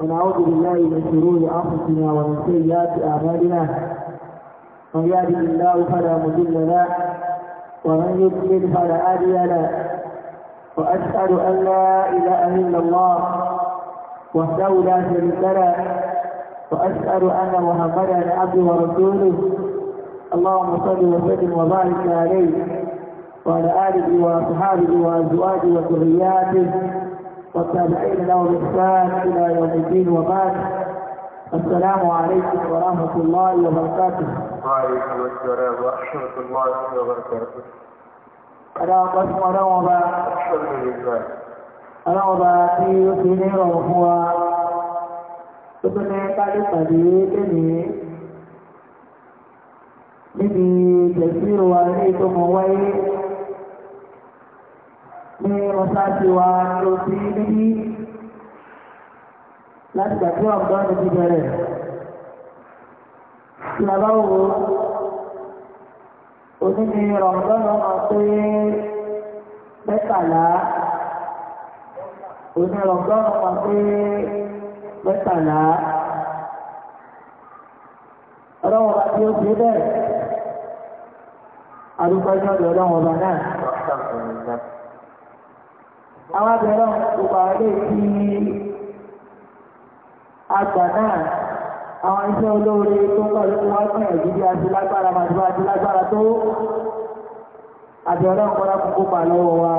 ونعوذ بالله من شرور انفسنا ومن سيئات اعمالنا من يهده الله فلا مضل له ومن يضلل فلا هادي له واشهد ان لا اله الا الله وحده لا شريك له واشهد ان محمدا عبده ورسوله اللهم صل وسلم وبارك عليه وعلى اله واصحابه وازواجه وذرياته والتابعين له بإحسان إلى يوم الدين وبعد السلام عليكم ورحمة الله وبركاته. وعليكم السلام ورحمة الله وبركاته. أنا قسم أنا وبا الحمد لله. أنا وبا في سنين وهو ابن طالب pàdé lẹ́nìí níbi tẹ̀síro wa ní ní mọ́sáàsì wa ló ti níbí láti gbàgbé ọ̀gbọ́n mi ti bẹ̀rẹ̀. Tí a bá wo oní ni Rọ̀mọ́dọ́n náà pé mẹ́tàlá oní Rọ̀mọ́dọ́n náà pé mẹ́tàlá ọlọ́wọ́ bá tí ó ṣe bẹ́ẹ̀. Adúgbò ẹjọ́ ọ̀dọ̀ ọlọ́wọ́ bá náà àwọn abẹ̀rẹ̀ gbogbo àwọn ilé tí àgbà náà àwọn iṣẹ́ olóore tó ń pàdé wá fún ẹ̀jú bí a ti lágbára màtí bá ti lágbára tó àbẹ̀rẹ̀ ọ̀pọ̀lá fún kópa lọ́wọ́ wa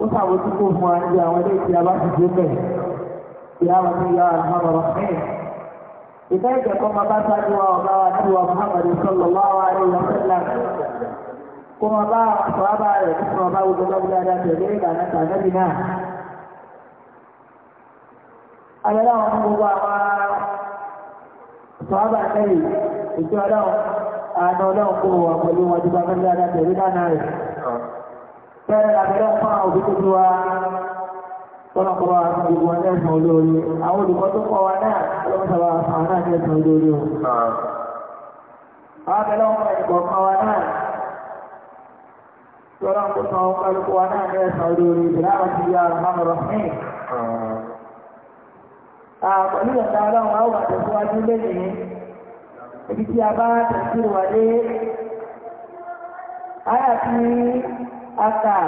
ó sàbójútó fún wa níbi àwọn ilé tí a bá ti dé bẹ̀ ìyá kó máa bá àtọ́wábà rẹ̀ kó máa bá gbogbo ọgbọ́n dáadáa tẹ̀lé ìlànà tàbí náà. Abẹ́lá wọn fún gbogbo àwọn àtọ́wábà lẹ́yìn ìjọ ọlọ́run àánú ọlọ́run kó wà pẹ̀lú wọn ti gbàgbọ́n dáadáa tẹ̀lé ìlànà rẹ̀. Bẹ́ẹ̀ abẹ́lá fún àwọn òbí tuntun wa tọ́nà kọ́ wa gbogbo wọn lẹ́sàn olóore àwọn olùkọ́ tó kọ́ wa náà lọ́wọ́ sábà àwọn náà lẹ́sàn olóore o. Àwọn abẹ́lá wọn Tolong bersama kalau kuana ada saudari bila masih ya Rahman Ah, ah kalau yang dalam mau ada sesuatu ini, jadi siapa tersiru ada ayat ini akan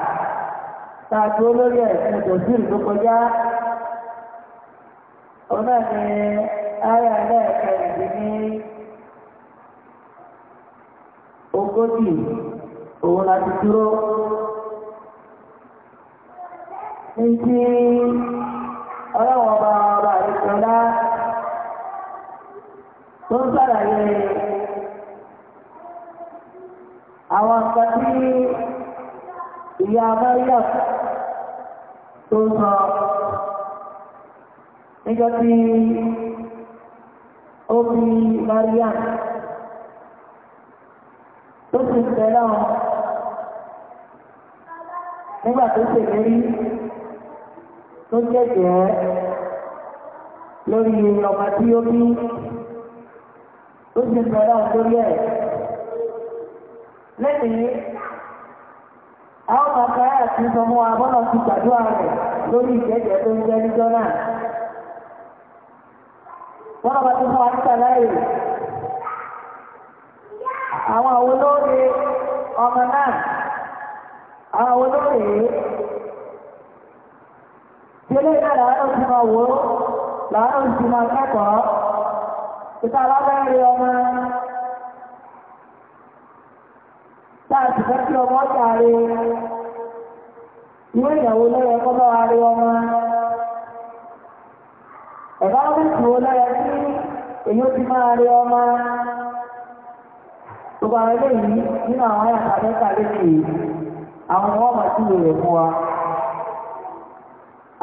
tak dulu ya tersiru tu kerja. Orang ni ayat ini. òun láti dúró ní tí ọlọ́wọ́ bá ọba ìṣọ́lá tó ń sàlàyé àwọn nǹkan tí ìyá Maryam tó ń sọ níjọ́ tí ó bí Maryam tó sì tẹ̀lé àwọn. nígbà tó ṣe lérí tó jẹ́jẹ́ lórí tí ó bí lórí ẹ̀. Lẹ́yìn sọ mọ́ abọ́nà ti gbàdúrà rẹ̀ lórí ìjẹ́jẹ́ tó ń jẹ́ níjọ́ náà. Wọ́n bá ti fún láàyè. Àwọn àwọn olóore àwọn olóòrè tẹ́lẹ̀ náà láàrín ti máa wó láàrín ti máa kẹ́kọ̀ọ́ ìta alábẹ́rẹ́ ọmọ láti fẹ́ kí ọmọ sáré ìwé ìyàwó lẹ́yẹ kọ́ bá wa rí ọmọ ẹ̀bá mẹ́sàn ó lẹ́yẹ kí èyí ó ti máa rí ọmọ gbogbo àwọn ilé yìí nínú àwọn àyàtà mẹ́ta lé àwọn ọmọ máa tí lè fún wa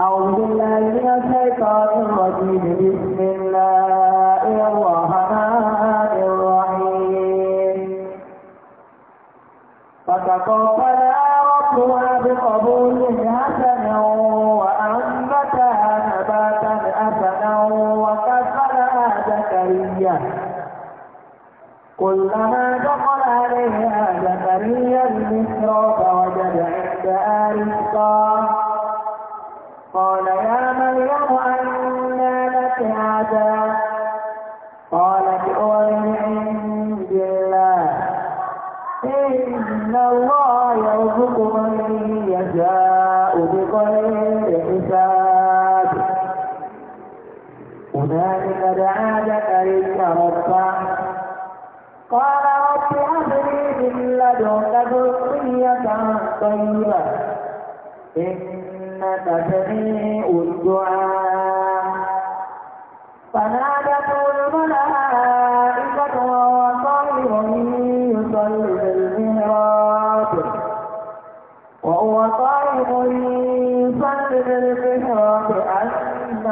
أعوذ بالله من الشيطان الرجيم بسم الله الرحمن الرحيم فتقبلها ربها بقبول حسن وأنبتها نباتا حسنا وكفلها زكريا كلما دخل عليها زكريا المصر فوجد عندها رزقا قال يا مريم أنى لك هذا قالت هو عند الله إن الله يرزق من يشاء بغير حساب هنالك دعا زكريا ربه قال رب هب لي من لدنك ذرية طيبة إنك سميع الدعاء فنادته الملائكة وهو طاهر يصلي في المهراب وهو طاهر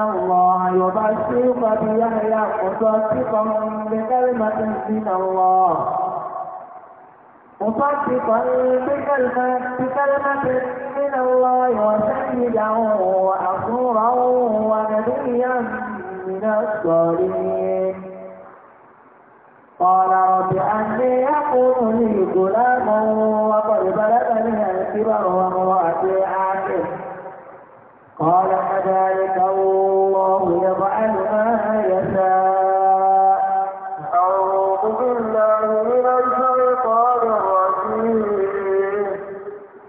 الله يبشرك بيحيى مصدقا بكلمة من الله مصدقا بكلمة بكلمة من الله وسيدا وحصورا ونبيا من الصالحين قال رب أني يقول لي غلام وقد بلغني الكبر وامرأتي أعوذ بالله من الشيطان الرجيم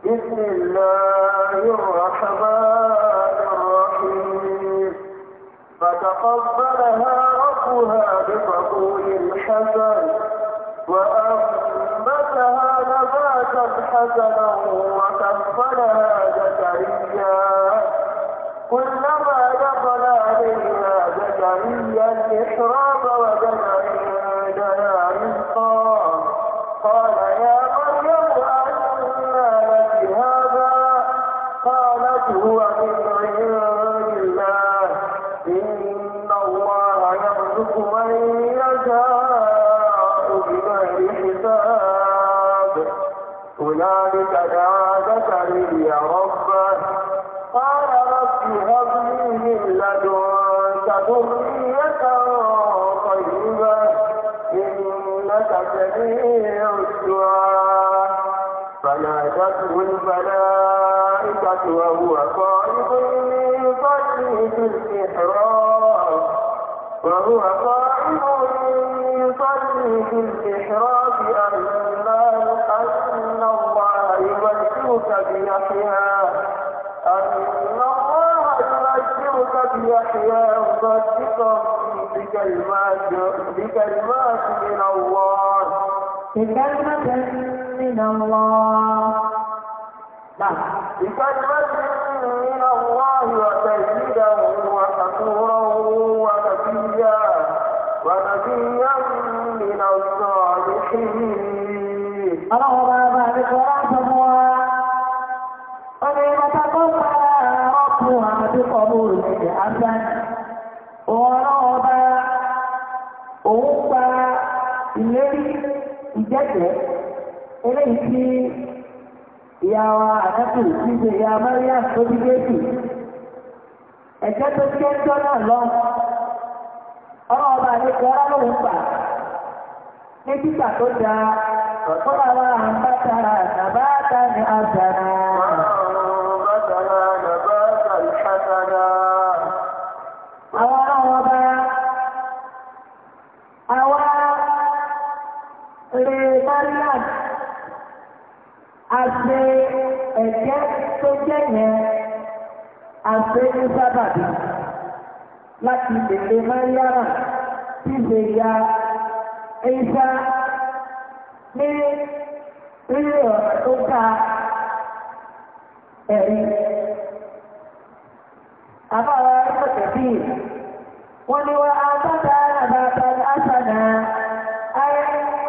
بسم الله الرحمن الرحيم فتقبلها ربها بقبول وأنبتها حسنا وكفلها زكريا كل هنالك دعا زكريا ربه قال رب هب لي من لدنك ذرية طيبة إنك سميع الدعاء فنادته الملائكة وهو قائد من فضله في المحراب وهو قائد من فضله في المحراب يذكرك بيحيى أن الله يذكرك بيحيى مصدقا بكلمات بكلمات من الله بكلمة من الله نعم بكلمة من الله وسيدا وحصورا ونبيا ونبيا من الصالحين الله ما ذكرك القبول حسن ورغب وغبى الذي جد إليه في يا وعدته في يا مريم صديقتي أجد الجنة الله ọlọ́ọ̀bá àdékọ́ ọlọ́run gbà ní títà tó dáa ọ̀tọ́ àwọn àǹbátara àtàbáàtà ní àjàrà. agbé ẹ̀jẹ̀ tó jẹ́ yẹn agbé ní láti tètè Mariama tí ya ẹ̀yíṣá ní rírì ọ̀rọ̀ tó ká ẹ̀rí. Àbáwá ẹ̀kọ́ tẹ̀bí wọ́n ní wọ́n á bá dára bàbá àṣà náà.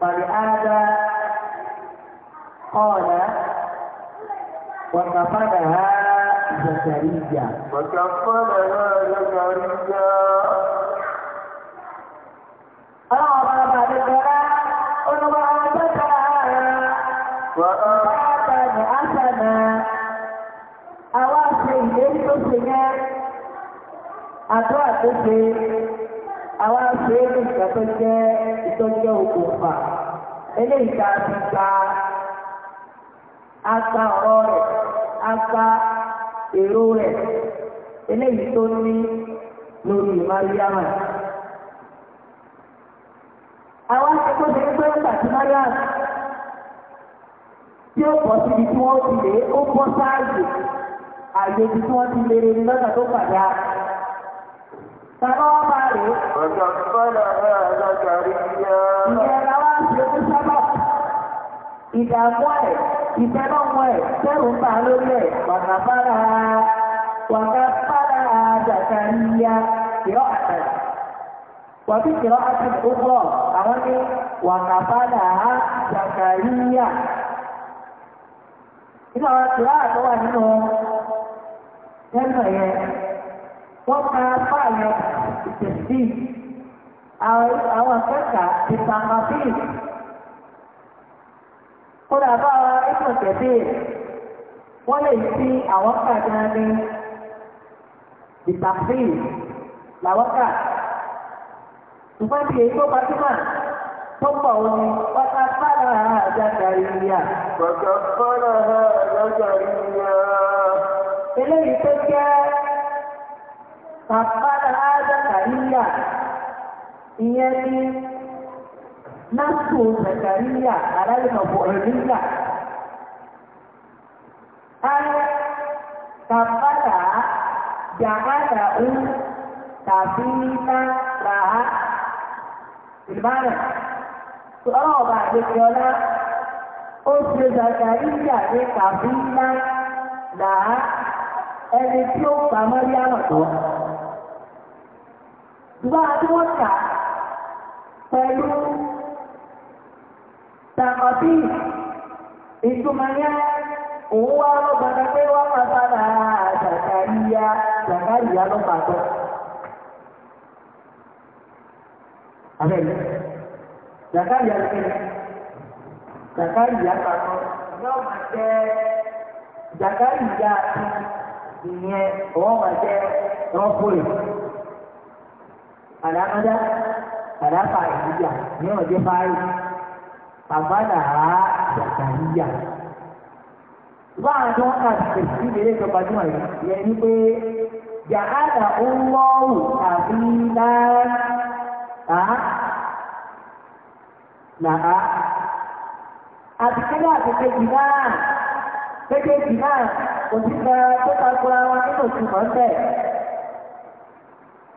فلهذا قال وكفنها زكريا وكفنها زكريا أعظم ذكرى وأنبتها وأنبتها حسنا أواصي إليه السنين أدوات السنين àwọn aṣèré ní ìtọ́jọ́ jẹ́ ìtọ́jọ́ òkùnfà eléyìí tá ti ọ̀rọ̀ rẹ̀ apá èrò rẹ̀ eléyìí tó ní lórí mariama. àwọn akẹ́kọ̀ọ́ ti gbé ńgbà tí mariama tí ó pọ̀ síbi tí wọ́n ti lè ó bọ́ sáàyè àyè tí wọ́n ti lè rìn lọ́nà tó pàdé فكفلها زكريا ìdààmú ẹ̀ ìfẹ́lọ́mọ ẹ̀ tẹ́rù ń bà lórí ẹ̀ wàkàfàrà wàkàfàrà Zakariya kìrọ̀ àtẹ̀ wàbí kìrọ̀ àti ọgbọ̀ àwọn ní wàkàfàrà Zakariya nínú àwọn kìrọ̀ àtọ́wà nínú ẹ̀nà yẹn wọ́n ka fáàlẹ̀ ìtẹ̀sí àwọn akẹ́kà ìtàmàfíì kódà bá wa ìtàn tẹ̀sí wọ́n lè sí àwọn kàdá ní ìtàmàfíì làwọn kà ṣùgbọ́n tí èyí tó gbajúmọ̀ tó pọ̀ wọn ni wọ́n ká fáàlẹ̀ àjàkàríyà. Bàtà fáàlẹ̀ àjàkàríyà. Eléyìí tó jẹ́ فقال زكريا ìyẹn ni násù zakaria aláìmọ̀bọ̀ ẹ̀ríyà ayé kàfàdà jàkàdà ń tàbí nípa làá ìbára ọlọ́ọ̀bà àgbègbè ọlá ó ṣe zakaria ní tàbí nípa làá ẹni tí ó pamọ́ yánà tó. Ìgbà tí wọ́n kà pẹ̀lú tàkọ̀tí ìtumọ̀yá òun wá ló gbàgbà pé wọ́n máa sábà àjàkáyíyá àjàkáyíyá ló pàtó. Abẹ́lẹ̀, àjàkáyíyá ló kẹ́lẹ̀, àjàkáyíyá pàtó yóò máa jẹ́ àjàkáyíyá ìyẹn òun máa jẹ́ rọ́pùlì àdámọ́dá àdáfà ìdíjà ní ọjọ́ báyìí àbádà á ṣàtàlíyà. Bá a tó ń kà sí ìdílé ilé ìjọba jùmọ̀ yìí yẹn ni pé jàhádà ó ń lọ́wù àbí náà nàá àti kílá àti kejì náà kéjèèjì náà kò sí kan tó ta kura wọn nínú ìtumọ̀ bẹ́ẹ̀.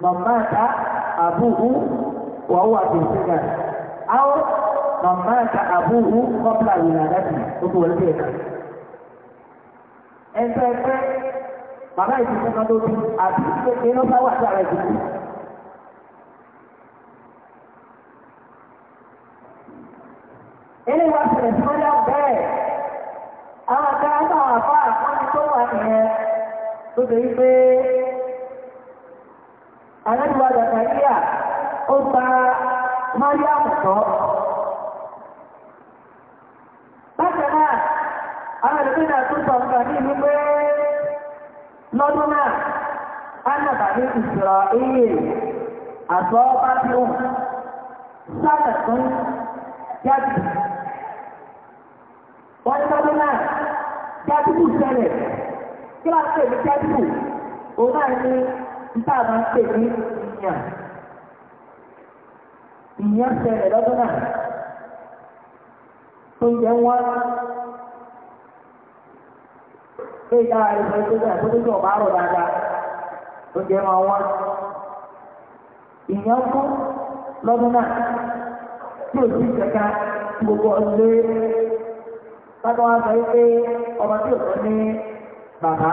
ممات أبوه وهو في السجن أو ممات أبوه قبل ولادته قلت والديك أنت bàbá yìí ti fẹ́ kan lóbi àti kékeré ló bá wà lára ìdìbò. ilé wa ṣẹlẹ̀ tí wọ́n dá bẹ́ẹ̀ àwọn akẹ́kọ̀ọ́ àwọn afọ àkọ́ni tó wà nìyẹn tó ṣe wípé. àrẹ́gbà Zakaria ó gba Mariam sọ. Bákan náà, àwọn ẹ̀lẹ́gbẹ́ náà tún sọ nípa ní wípé lọ́dún náà, Ánàbà ìṣòro iye àtọ́ bá ti hùn. Sábà tún jáde. Wọ́n ní lọ́dún náà, jáde kù Kí wàá jáde níta máa ń ní ìyàn ìyàn ṣẹlẹ̀ lọ́dún náà tó jẹ́ wọ́n pé dára ìfẹ́ tó jẹ́ àtúntò tó bá rọ̀ dáadáa tó jẹ́ wọn wọ́n ìyàn kú lọ́dún náà tí ò sí kẹ̀kẹ́ gbogbo ọ̀lẹ́ lágbọ́n wá sọ wípé ọmọ tí ò sọ ní bàbá.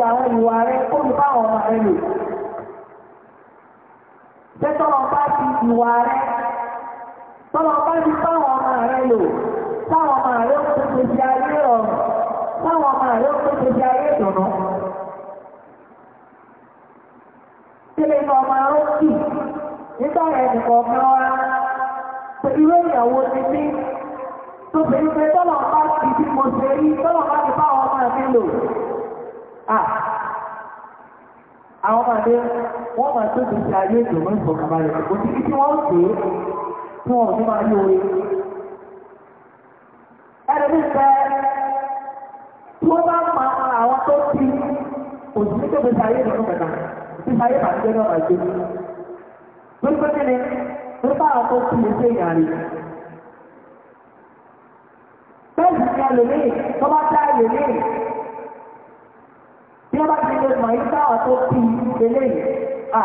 fi àwọn ìwà rẹ kó fi bá ọmọ rẹ lò. Ṣé tọ́lọ̀ bá ìwà rẹ tọ́lọ̀ bá bá ọmọ rẹ lò táwọn ọmọ rẹ ó pèsè sí ayé ọ̀rọ̀ táwọn ọmọ rẹ ó pèsè sí ayé ìdùnnú. Kílé ní ọmọ rẹ kì nígbà rẹ̀ nìkan fún pé irú ìyàwó ti ní tó fi ń pe tọ́lọ̀ bá fi mo ṣe rí tọ́lọ̀ bá bá ọmọ rẹ lò àwọn ọmọdé wọ́n máa tó ti ṣe ayé ìdòmọ́ ìfọ̀kànbà rẹ̀ kò sí kí tí wọ́n pè tí wọ́n ní máa ní orí ẹni ní fẹ́ tí wọ́n bá ma àwọn tó ti kò tó fi ṣe ayé ìdòmọ́ ìfọ̀kànbà tí ṣe ayé bàjẹ́ náà bàjẹ́ bí wọ́n bá ti lè mọ̀ yí táwọn tó bí eléyìí à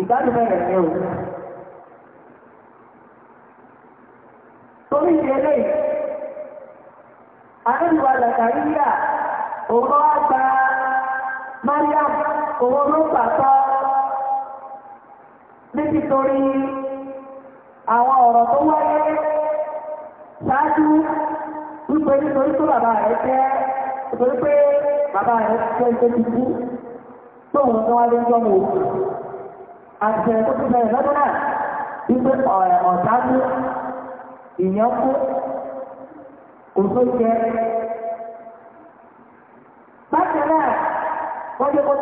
ìgbádùn bẹ̀rẹ̀ ní o. torí ìdílé àdéhùwà làkàríyà òun wá gba Mariam òun ló pàtó níbi torí àwọn ọ̀rọ̀ tó wáyé ṣáájú wípé nítorí tó bàbá rẹ̀ jẹ́ nítorí pé bàbá rẹ̀ jẹ́ ìṣẹ́ tó wọ́n tó wá lé òkú àti ẹ̀kọ́ ti bẹ̀rẹ̀ lọ́dún náà wípé ọ̀rẹ́ ọ̀tá ní kú kò wọ́n jẹ́ kó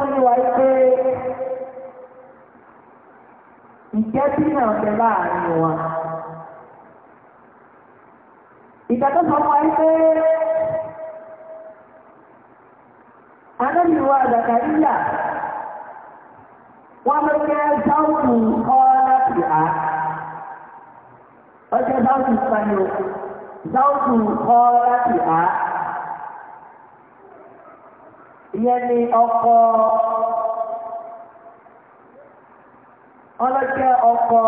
wa pé anábìwá zakariya wọ́n ló jẹ́ sáwùtù ọ́nà pìá ọjọ́ sáwùtù spaniel sáwùtù ọ́nà pìá ìyẹn ni ọkọ̀ ọlọ́jẹ́ ọkọ̀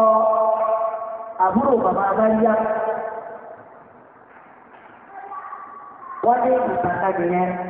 àbúrò bàbá abáyá wọ́n ní ìpàkàdé yẹn.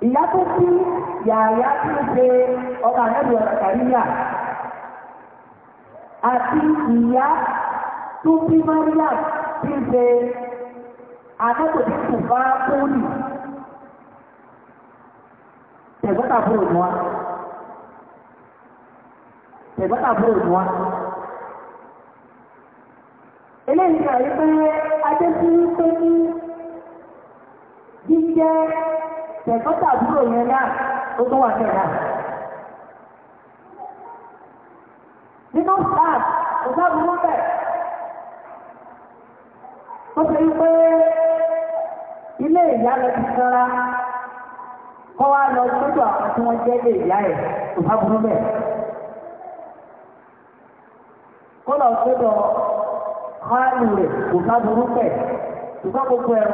ìyá tó kí yàrá tí ń ṣe ọba àrẹ́bù ọ̀kàríyà àti ìyá tó bí maria tí ó ṣe àrẹ́bù tí kò bá tóní tẹ̀gbọ́tàbúrò ní wa wa eléyìí ni tí tẹ̀gbọ́n tàbúrò yẹn náà ó tó wà tẹ̀ nínú sáà kò sábúrú bẹ̀ ó ṣe ń pé ilé ìyá lọ ti sanra kọ́ wá lọ sójú àwọn tí wọ́n jẹ́ ilé ìyá ẹ̀ kò sábúrú bẹ̀ kó lọ sójú ọ̀hánù rẹ̀ kò sábúrú bẹ̀ ṣùgbọ́n gbogbo ẹ̀rọ.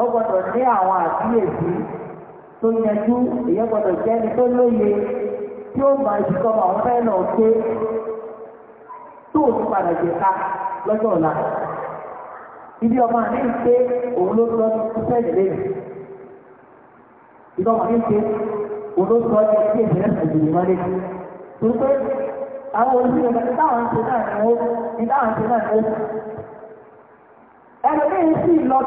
ó gbọ́dọ̀ ní àwọn àkíyèsí tó yẹjú èyí gbọ́dọ̀ jẹ́ tó lóye tí ó máa ju àwọn fẹ́ lọ pé tó o ti padà jẹ ká lọ́jọ́ ọ̀la. Ibi ọmọ àní ń pé òun ló sọ ti sẹ́yìn Ibi ọmọ àní ń pé òun ló sọ ti Tó pé àwọn táwọn ṣe náà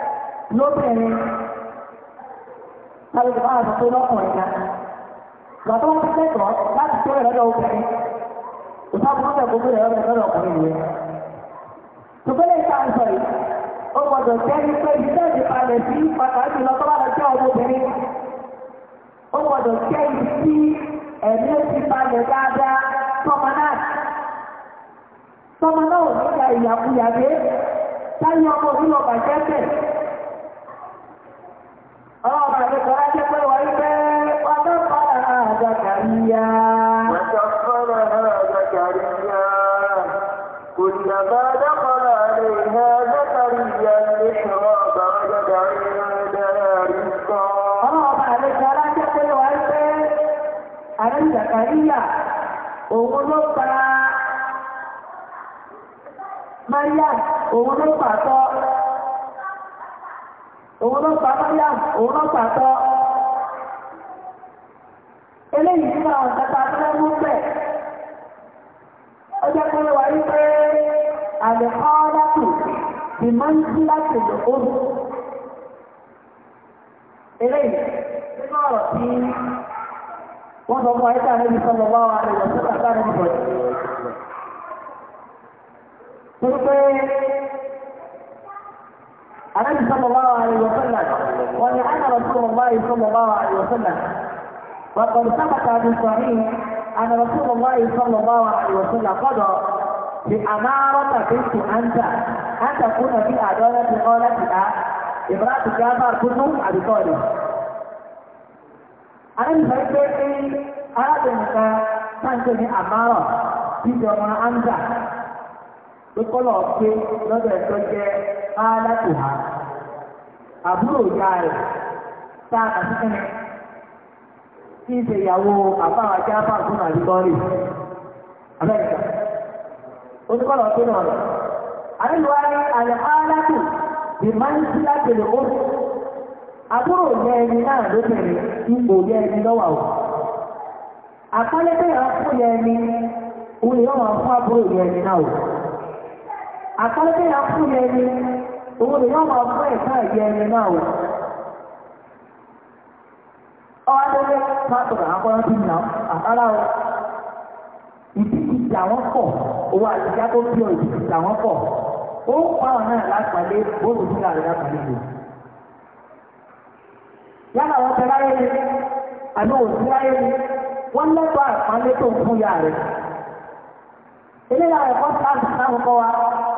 lóbìnrin láti tó lọ́kùnrin náà tó wọ́n ti kẹ́kọ̀ọ́ láti tó rẹ̀ lọ́dọ̀ gbogbo rẹ̀ lọ́dọ̀ lọ́dọ̀ ọkùnrin yìí ó gbọ́dọ̀ jẹ́ ní pé sí pàtàkì bá lọ jẹ́ ọmọ obìnrin ó gbọ́dọ̀ jẹ́ ẹ̀mí ó ti dáadáa náà náà ò ní Ọlọ́run àgbẹ̀kọ̀ lájẹ́ pé wọ́n rí pé ọdún fọ́nà náà Zakariya. Wọ́n fọ́nà náà Zakariya. Kò ní àbá dákọ̀lá lè òun ló pàtọ́ òun ló pa mọ́yà òun ló pàtọ́ eléyìí nínú àwọn ìjọba abúlẹ́mú bẹ̀ ó jẹ́ pé wà ní pé àlẹ́ ọ́ọ́dàtù ti máa ń dí láti lò ó eléyìí nínú ọ̀rọ̀ tí wọ́n sọ fún àyíká níbi sọ́nà bá wà ní ìwọ̀n tó kàkà níbi bọ̀dé. النبي صلى الله عليه وسلم ولعن رسول الله صلى الله عليه وسلم وقد ثبت من صحيح أن رسول الله صلى الله عليه وسلم قضى بأمارة بنت أنت أن تكون في عدالة قالتها امرأة جابر بن أبي طالب أنا بفريق أراد أن تنتهي أمارة بجمع أنت pé kọ́lọ̀ pé lọ́dọ̀ ẹ̀tọ́ jẹ́ áádàtò ha àbúrò ìyá rẹ̀ tá a kí n ṣe ìyàwó àbáwá jẹ́ àbá àgbọ̀nà àdìgọ́rì Amẹ́ríkà oníkọ́lọ̀ pé náà rẹ̀ àríwá ní àlẹ́ áádàtò ìmánísílá àbúrò ẹni náà ẹni lọ́wọ́ àwọn fún ẹni àkọ́lẹ́tẹ̀ yà fún ẹni òun ni wọ́n máa fún ẹ̀ka ẹ̀yẹ ẹni náà wọ̀. ọ̀ọ́dẹ́gbẹ́ pàtàkì àkọ́lẹ́ ti nà àkàrà o ìdí ìdí àwọn pọ̀ owó àtijọ́ tó bí ọ ìdí ìdí àwọn pọ̀ ó ń pa ọ̀nà lápàlẹ́ bóòlù sí àrẹ lápàlẹ́ lò. yálà wọn fẹ́ láyé ni àbí òsì láyé ni wọ́n lẹ́tọ̀ọ́ àpálẹ́ tó ń fún yàrá rẹ̀. eléyàwó ẹ̀kọ́ sáà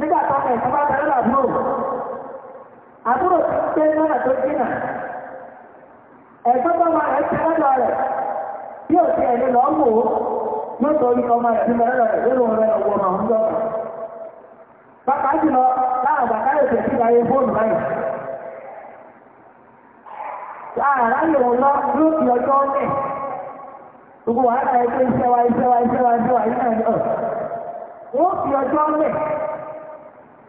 nígbà táwọn ẹ̀sán bá tẹ̀lé làbúrò àbúrò ti gbé lọ́nà tó jìnà ẹ̀sán tó wà ẹ̀ tẹ̀lé rẹ̀ bí ò ti ẹ̀lẹ́ lọ́ yóò tó orí ọmọ rẹ̀ lórí ọmọ bàbá láàrùn bàbá yóò fóònù báyìí lọ yóò fi ọjọ́ gbogbo wàhálà ẹgbẹ́ iṣẹ́ wa iṣẹ́ wa iṣẹ́ wa iṣẹ́ wa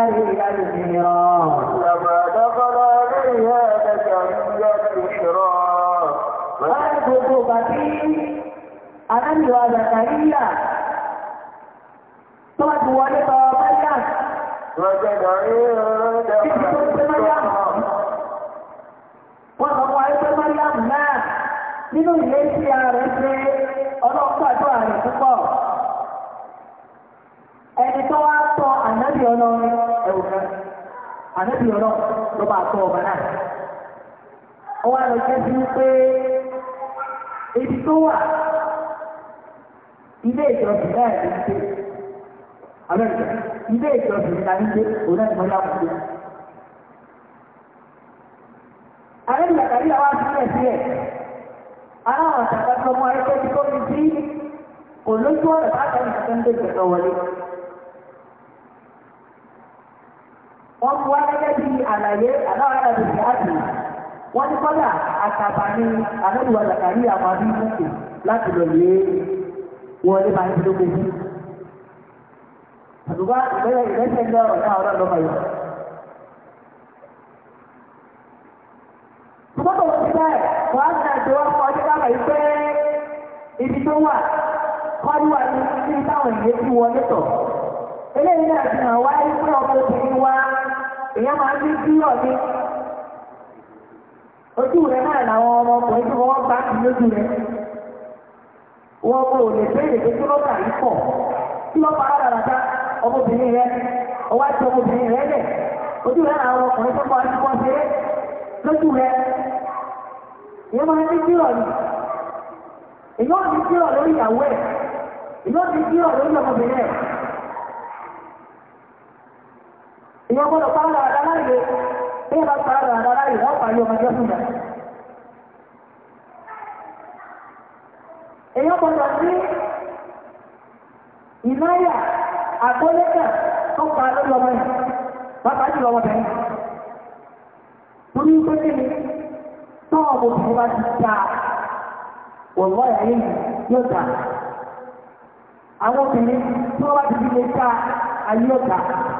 عليها الجيران لما دخل عليها زكريا البشرى وأنفق بكي أنجو زكريا طلب ولد مريم وجد عند مريم وقف عند مريم مات nínú ìlẹ́sí ààrẹ pé ọlọ́pàá ààrẹ púpọ̀ ẹni tó wá tọ́ ànábì ọlọ́run ẹ̀wù kan àtẹ́bí ọ̀rọ̀ ló bá tọ́ ọba náà. ọwọ́ àlọ́ jẹ́ sí pé ibi tó wà ilé ìjọsìn náà ní ṣe abẹ́rẹ́ ilé ìjọsìn náà ní ṣe òun náà ní mo yá fún mi. ààrẹ ìyàtàrí àwọn àtúnyẹ̀ sílẹ̀ aláwọ̀ àtàkàtọ̀ ọmọ ẹgbẹ́ tí kò ní sí olójú ọ̀rẹ́ bá tẹ̀lé ìṣẹ́ ìjọba wọlé. wọ́n bu akẹ́kẹ́ bí àlàyé aláwọ̀dá lè fi àjò wọ́n ní kọ́lá àtàbà ní àlẹ́lùwà zakari àwọn abíyúkè láti lọ lé wọlé máa ń fi lóko sí. àdùbá ìgbẹ́yẹ ìgbẹ́sẹ̀ ní ọ̀rọ̀ náà ọ̀rọ̀ lọ́mọ yìí. ṣùgbọ́n kò wọ́n ti bẹ́ẹ̀ wọ́n á gbà tó wọ́n kọ́ ọdún káwà yìí pé ibi tó wà kọ́ wà ní ibi táwọn èèyàn ti wọlé tọ̀. eléyìí náà fi hàn wá ikú ọmọbìnrin wa èèyàn máa ń ní bírọ̀ ní ojú rẹ̀ náà làwọn ọmọkùnrin tí wọ́n bá ti lójú rẹ̀ wọn kò lè béèrè pé kí lọ́ọ̀tà yìí pọ̀ kí lọ́ọ̀tà ara ràdá ọmọbìnrin rẹ̀ ọwọ́ àti ọmọbìnrin rẹ̀ lẹ̀ ojú rẹ̀ làwọn ọkùnrin tó máa ń kọ́ sí rẹ̀ lójú rẹ̀ èèyàn máa ń ní bírọ̀ ní èèyàn ní bírọ̀ lórí ìyàwó ẹ̀ èèyàn ní bírọ̀ lórí ọmọbìnrin rẹ̀. ìyẹn gbọ́dọ̀ pàdà àdá láìlé bá pàdà àdá láìlé wọ́n pàdé ọmọ fún ìgbà èyí gbọ́dọ̀ sí ìnáyà àgbólékà tó pa lórí ọmọ yìí bàbá kí ni bá ti ta wọ̀lọ́ ẹ̀yìn yóò ta àwọn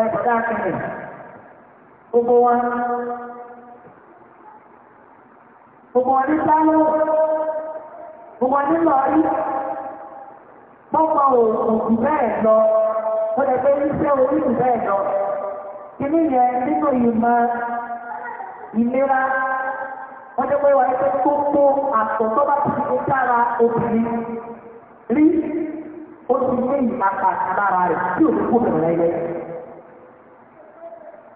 ẹ̀ẹ́dá kẹ̀kẹ́ gbogbo wa gbogbo wa ní sáwọ́ gbogbo wa ní lọ́rí gbọ́gbọ́ òkùnkùn bẹ́ẹ̀ lọ ó lè pé iṣẹ́ orílù bẹ́ẹ̀ lọ kìíní yẹn nínú ìmọ̀ ìlera wọ́n jẹ́ pé wà ní pé gbogbo àtọ̀ tó bá ti ṣe dára obìnrin rí ó ti ní ìpàkà lára rẹ̀ tí ò ní kó bẹ̀rẹ̀ lẹ́yìn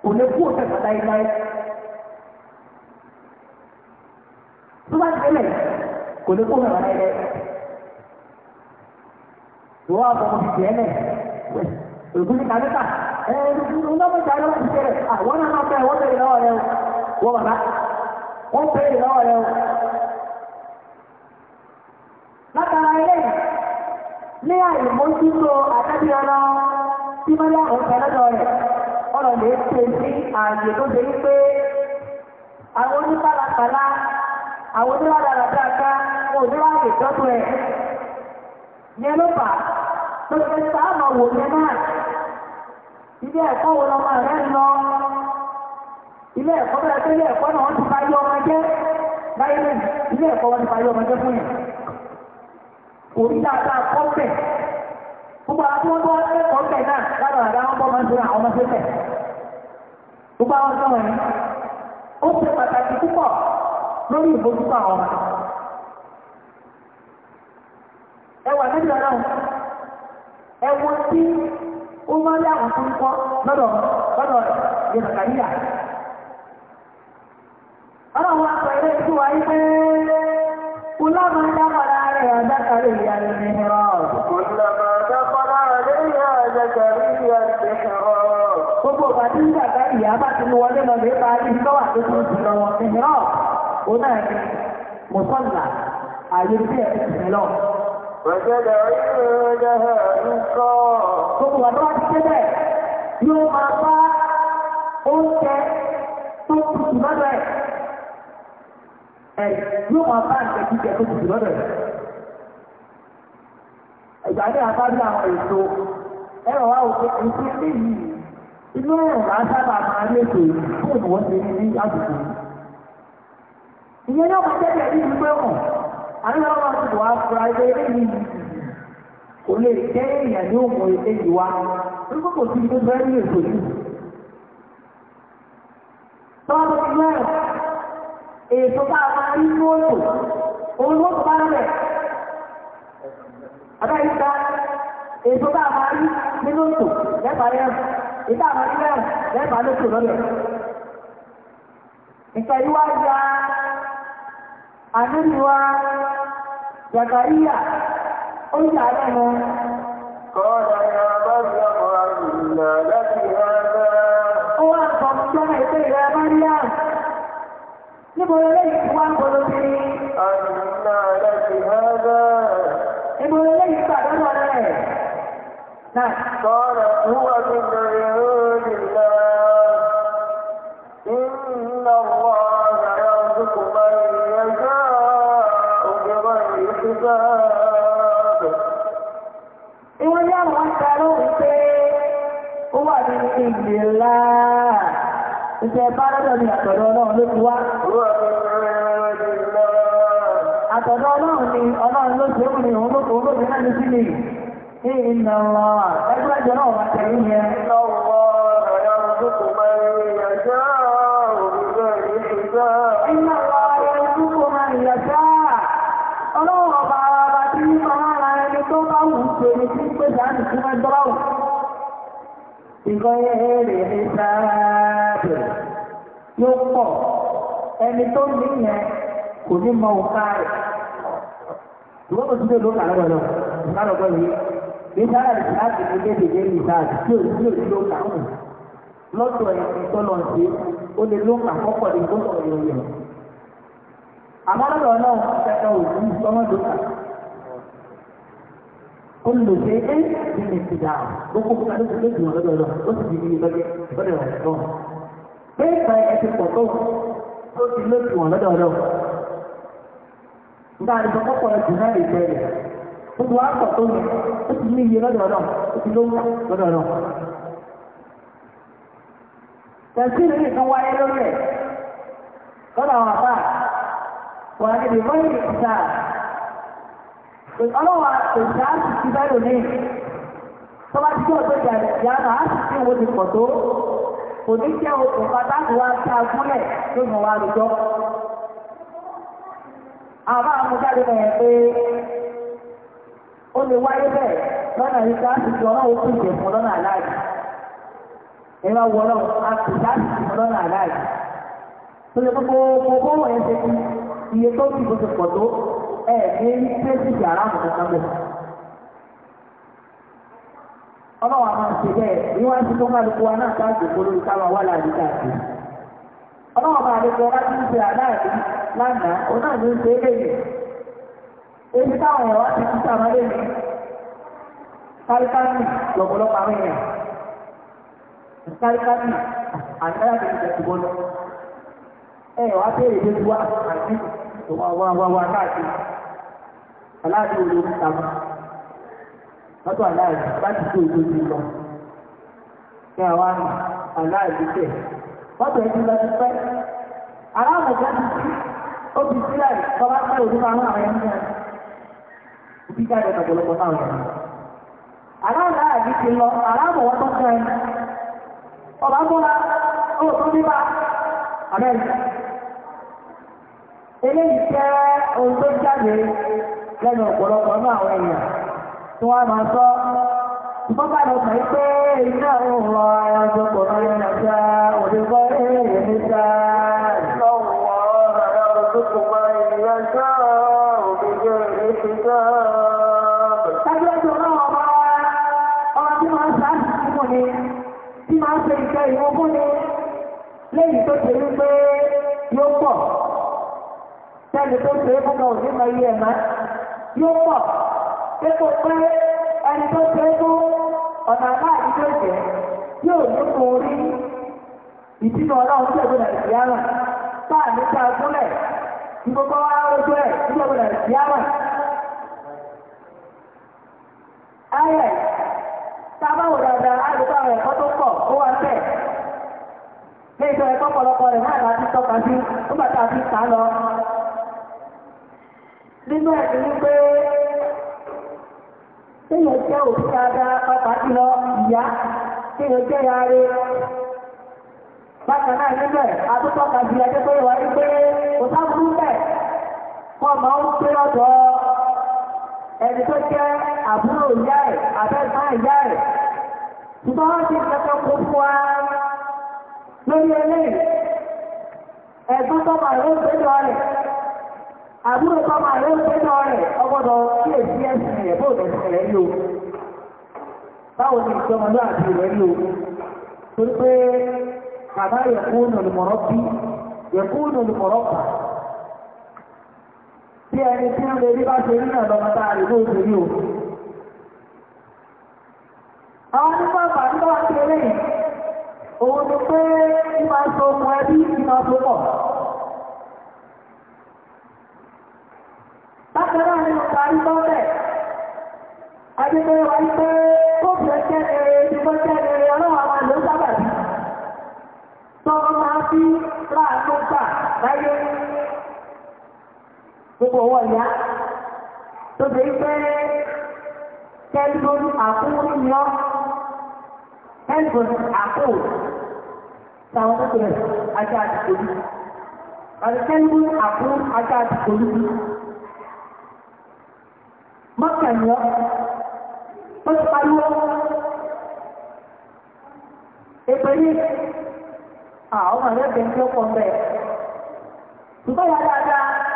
kò lè kú òfin pàtà yìí láyé tó bá tẹ́lẹ̀ kò lè kú òfin pàtà yìí láyé ìwọ àwọn ọmọ ti tẹ́lẹ̀ ògùn ní kàlẹ́kà ẹ ẹ ńlọ́mọ ìjà lọ́wọ́ ti tẹ́lẹ̀ àwọn náà máa bẹ̀rẹ̀ wọ́n bẹ̀rẹ̀ lọ́wọ́ lọ́wọ́ rẹ látara ilé ní àyè mójútó àtẹ́bí tí mọ́lá òun tẹ̀lé rẹ̀ ọ̀rọ̀ lè ṣe sí ààyè tó ṣe wípé àwọn onípàlàpàlà àwọn oníwàdàrà dáadáa wọn ò ní wá lè tọ́jú ẹ̀. yẹn ló tó ṣe sáàmà wò yẹn náà ilé ẹ̀kọ́ wo lọ́mọ rẹ̀ ń lọ ilé ẹ̀kọ́ bẹ̀rẹ̀ pé ilé ẹ̀kọ́ náà wọ́n ti parí ọmọ jẹ́ báyìí ilé ẹ̀kọ́ wọn ti parí ọmọ jẹ́ fún yẹn. òun dáadáa kọ́ bẹ̀. gbogbo àwọn tí wọ́n bọ́ ẹ̀kọ́ tẹ̀ náà lára àdá wọn bọ́ máa ń dúró àwọn ọmọdé tẹ̀. gbogbo àwọn tó wọ̀nyí ó ṣe pàtàkì púpọ̀ lórí àwọn ọmọ. ẹ wà níbi ọ̀nà ẹ wọ sí ó tó ń kọ́ lọ́dọ̀ lọ́dọ̀ ọlọ́run ìṣúwà yìí pé ìyá rẹ̀ nìyẹn rọ. àti nígbàgbà ìyá bá ti wọlé lọ lè pa ibi tó tó tó ti lọ wọn ìhìn náà ó náà ní mùsọ̀lá àyè tí ẹ̀ ti tì lọ. Wẹ̀jẹ̀dẹ̀ ìrẹ̀lẹ̀ ń sọ. Gbogbo wa tó wá ti dé bẹ̀ yóò máa bá oúnjẹ tó tutù lọ́dọ̀ ẹ̀. Ẹ̀ yóò máa bá nǹkan jíjẹ tó tutù lọ́dọ̀ ẹ̀. Ìgbà tí a àwọn èso, ẹ̀rọ wa ò ṣe èso lé yìí. inú ọ̀rọ̀ asábà máa ń lèkè fóònù wọ́n ti ní àdúgbò. ìyẹn náà máa tẹ́lẹ̀ ní ìgbé hàn àríwá máa ti wà fúra ilé eléyìí kò lè jẹ́ èèyàn ní nígbà kò sí èso yìí. ti èso bá a máa rí òun ló bá rẹ̀ èso bá a máa rí nínú lẹ́bàá ìdá àwọn ilé lẹ́bàá ló kù lọ́dọ̀. Nǹkan ya àdúgbò Zakariya ó yà á lẹ́nu. Kọ́ọ̀dà ni a bá fi ọkọ̀ àgbà láti rẹ̀ rẹ̀. Ó wà sọ fún Jọ́nà ìpè rẹ̀ Máríà. Níbo lélẹ́yìn tí wọ́n ń bolo sí? Àdúgbò náà láti rẹ̀ rẹ̀. Níbo lélẹ́yìn tí àdánù قال هو من عند الله إن الله يرزق من يشاء بغير حساب إليهم وسألوه هو من عند الله Iṣẹ́ bárádọ̀ ni àtọ̀dọ̀ ọlọ́run ló ti wá. Àtọ̀dọ̀ ọlọ́run ni ọlọ́run ló ti ó ní òun ló kò ó lóbi náà ní sílẹ̀ sí iná lọ ẹgbẹ́jọ náà wà tẹ̀lé yẹn. lọ́wọ́ ọ̀rọ̀ ọdúnkù máa ń yàjá òwúrọ̀ ìṣẹ́já. iná lọ ọ̀rọ̀ ọdúnkù máa ń yàjá. ọlọ́wọ́ ọba ara ọba tí ní ọmọ ara ẹni tó bá wù ú pé ní tí ń pèsè àti tí wọ́n gbọ́ wù. ìgbọ́ eré ní sáábì yóò pọ̀ ẹni tó ní yẹn kò ní mọ òkà rẹ̀ ìdára rẹ̀ láti fi kéde ìdáàdì tí ò tí ò tí ó kà ń lọ́dọ̀ ẹ̀sìn tó lọ sí ó lè ló kà kọ́kọ́ lè tó lọ yẹ̀ yẹ̀. Àmọ́ lọ́dọ̀ náà kẹta ò sí ọmọdéka. Ó lè ṣe é ti lè ti dà gbogbo fún adé tó lè lọ́dọ̀ lọ ó sì di ìlọ́dẹ ìbọ̀dẹ̀ rẹ̀ lọ. Pé ìgbà ẹ̀ ti pọ̀ tó ó ti lè tù lọ́dọ̀ lọ gbogbo wa pọ̀ tó yẹ ó ti ní iye lọ́dọ̀ náà ó ti lóńgbà lọ́dọ̀ náà. tẹ̀sí ìlú nìkan wáyé lórí ẹ̀ lọ́dọ̀ àwọn àbá wà ní ìmọ̀ ọlọ́wà òṣìṣẹ́ á sì ti báyìí òní tó bá ti jẹ́ wo ti pọ̀ tó kò ní jẹ́ òkùnfà táàbù wa ta gúnlẹ̀ tó mọ̀ wá lójọ́. àwọn amújáde mọ̀ pé ó lè wáyé bẹ́ẹ̀ lọ́nà ọlọ́run fún lọ́nà ẹ máa wọ ọlọ́run dá sí fún lọ́nà tó lè gbogbo gbogbo ṣe iye tó ti pọ̀ tó ẹ ní pẹ́sì àwọn ọlọ́run àwọn bẹ́ẹ̀ ni wọ́n ti wa náà káàkiri polówó káwọn wà láàrin káàkiri ọlọ́run àwọn àlejò ọlá Ebi táwọn ọ̀rọ̀ ti ti sàmọ́ lé mi. Káríkárì lọ̀pọ̀lọpọ̀ àwọn èèyàn. Káríkárì àtàrà ti ti tẹ̀sí bọ́lọ́. Ẹ wá béèrè lórí wá àti ìwà wá wá a káàkiri. Aláàbí olórí ń ta mọ́. Mọ́tò aláàbí láti tó ìlú ti lọ. Ṣé àwa aláàbí tẹ̀? Mọ́tò ẹni lọ ti òbí jáde ọ̀pọ̀lọpọ̀ náà rẹ̀. Àláàlá lọ, àláàmù wọn tó kẹ́ ẹni. Ọba múra, ó tó nípa, àmẹ́rin. Eléyìí jẹ́ ohun tó jáde lẹ́nu ọ̀pọ̀lọpọ̀ náà àwọn èèyàn tí wọ́n máa sọ. Ṣùgbọ́n lọ sọ pé iná ọ̀rọ̀ ẹ̀rọ tí máa ń ṣe ìṣe ìwọ̀n ni lẹ́yìn tó ṣe wípé yóò pọ̀ tẹ́lì tó ṣe é fún ọ̀hún nípa iye ẹ̀má yóò pọ̀ pépò pé ẹni tó ṣe fún ọ̀nà láàrin tó jẹ́ yóò ní kó rí ìdínà ọlọ́run tó ẹ̀gbọ́n nàìjíríà náà táà ní ká gúnlẹ̀ ní gbogbo wa lójú ẹ̀ ní ẹ̀gbọ́n nàìjíríà náà tá dáadáa á ẹ̀kọ́ tó pọ̀ ó wá bẹ̀. ní ìjọ ẹ̀kọ́ pọ̀lọpọ̀ rẹ̀ náà láti tọ́ka sí nígbà fi kà lọ. nínú ẹ̀sìn ní pé téèyàn jẹ́ òbí dáadáa pàápàá jùlọ ìyá téèyàn jẹ́ ya rẹ̀. bákan náà nínú ẹ̀ atútọ́ka sí ẹjẹ́ tó yẹ pé kò sábúrú bẹ́ẹ̀ kọ́ máa ń pé lọ́dọ̀ọ́ ẹni tó jẹ́ àbúrò ìyá ẹ̀ àbẹ́gbọ́n ìyá ẹ̀ ṣùgbọ́n wọ́n ti kẹ́kọ̀ọ́ kó fún wa lórí eléyìí ẹ̀gbọ́n tó máa yóò gbé lọ rẹ̀ àbúrò tó máa yóò rẹ̀ ọgbọ́dọ̀ kí èsì ẹ̀sìn rẹ̀ bó báwo ni àti rẹ̀ pé bàbá bí bí ẹni tí ń lè rí bá ṣe nínú ọ̀dọ́mọ tá a lè lóò ṣe rí o. Àwọn nípa àgbàdúgbà kéré òun ni pé kí máa so okùn ẹbí kí máa so pọ̀. Bákan náà nínú parí bọ́ọ̀lẹ̀, Adébẹ́wà ń pé kóòtù ẹ̀jẹ̀ rere ti kọ́ jẹ́ rere ọlọ́wọ́ àwọn ìlú sábàbí. Tọ́ máa fi láàánú gbà láyé gbogbo ọwọ́ ìyá tó ṣe ń pẹ́ tẹ́lifóònù àkókò lọ tẹ́lifóònù àkókò táwọn tó tẹ̀lé ajá àti kòlù àti tẹ́lifóònù àkókò ajá àti kòlù mọ́kànlá ó ti pariwo èpè ní àwọn ọmọ rẹ̀ bẹ̀rẹ̀ tí ó pọ̀ bẹ́ẹ̀ ṣùgbọ́n wà dáadáa.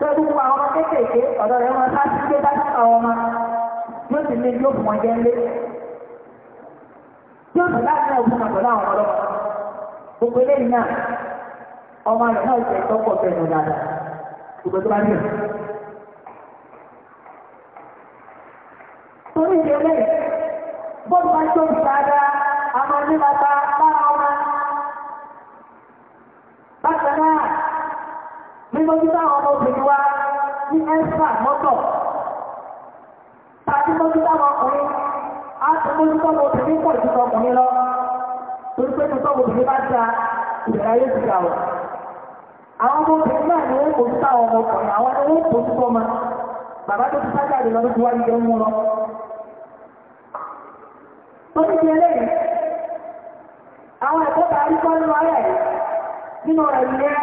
tó àwọn ọmọ kéékèèké ọ̀dọ́ rẹ̀ wọn bá ti gbé dájú àwọn ọmọ yóò sì yóò fún wọn jẹ́ yóò sì láti gbogbo eléyìí náà ọmọ rẹ̀ náà dáadáa gbogbo tó bá ní Nínú tí táwọn ọmọbìnrin wa ní ẹ́sà mọ́tọ̀, tàbí mọ́tí táwọn ọkùnrin, á ti mọ́tí táwọn obìnrin pọ̀ ju ọkùnrin lọ. Torí pé tuntun obìnrin bá ja ìbẹ̀rẹ̀ ayé ti dàwọ̀. Àwọn ọmọbìnrin náà ni wọ́n kò sí táwọn ọmọkùnrin, àwọn ni wọ́n kò sí fọ́mọ. Bàbá tó ti sájà ìlọ ló ti wá ìjọ mú lọ. Tó ti di eléyìí, àwọn ẹ̀kọ́ bá kọ́ nínú ọ̀rẹ́ nínú ọ̀rẹ́ ìlera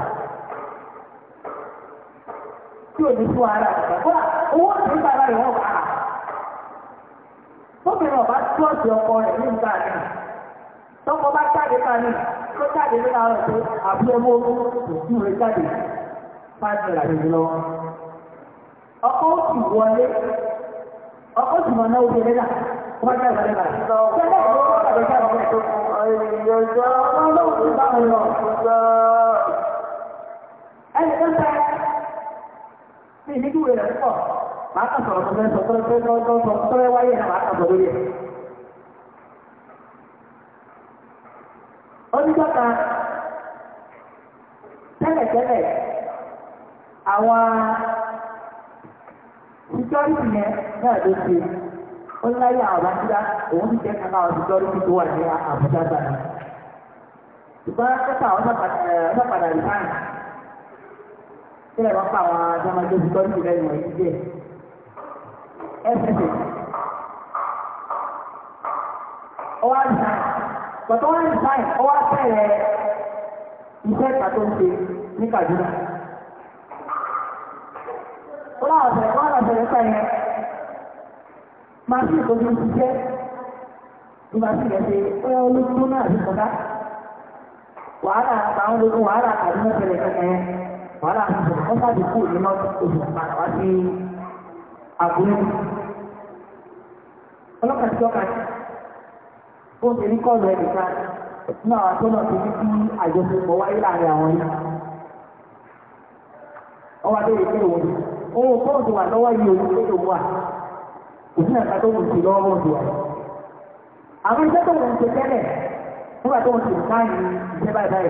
tí ò ní tú ara rẹ̀ kọ́lá owó tí ń bá ara rẹ̀ wọ́n wà á. Tóbìnrin ọ̀bá tí ọ̀sì ọkọ rẹ̀ ní ìgbà náà. Tọ́kọ bá jáde ká tó jáde ní àwọn ètò àbúrẹ́mú òkú rẹ̀ jáde fáìlì rẹ̀ àti ìlọ. Ọkọ òsì wọlé ọkọ òsì mọ̀ náà obìnrin náà wọ́n jáde wọlé bàtà. Ṣé ẹgbẹ́ ìwọ́n tí ìdí ìwé rẹ̀ pọ̀ máa kà sọ̀rọ̀ tó mẹ́sọ̀ tó tó tó tó tó tó rẹ̀ wáyé náà máa kà sọ̀rọ̀ lórí ẹ̀. oníjọ́ kan tẹ́lẹ̀tẹ́lẹ̀ àwọn security yẹn náà ló ṣe ó ń láyé àwọn àbájá òun ti jẹ́ kankan àwọn security tó wà ní àbújá gbà náà. ṣùgbọ́n kẹ́kọ̀ọ́ àwọn ọlọ́pàá tí lè wá pa àwọn adọ́mọdé tó tọ́jú lẹ́yìn wọ̀nyí díẹ̀ ẹ̀fẹ̀fẹ̀ ọwọ́ àdìsáì pọ̀tọ́ wọn àdìsáì ọwọ́ àtẹ̀rẹ̀ iṣẹ́ ìta tó ń ṣe ní Kaduna ó láwọn ọ̀sẹ̀ wọn àgbẹ̀rẹ̀ sẹ́yìn máa sí ìtọ́jú ṣiṣẹ́ nígbà tí ìyẹn ṣe ó yẹ náà àti kọ̀dá wàhálà àtàwọn ológun wàhálà àdúgbò tẹ̀lẹ̀ kẹ̀kẹ́ wàhálà wọ́n sáàdì kú ní máa oṣù padà wá sí abúlé. ọlọ́kà tí ọkà kọ́ọ̀lù ẹ̀ nìkan nínú àwọn tó ní kí àjọṣepọ̀ wáyé láàrin àwọn yìí. ọwọ́ adéyẹ pé òun wà lọ́wọ́ yìí òun pé òun wà kò sí ẹ̀ka tó wù sí lọ́wọ́ òun wà. àwọn iṣẹ́ tó wù sí tẹ́lẹ̀ nígbà tó wù sí ìṣẹ́ báyìí báyìí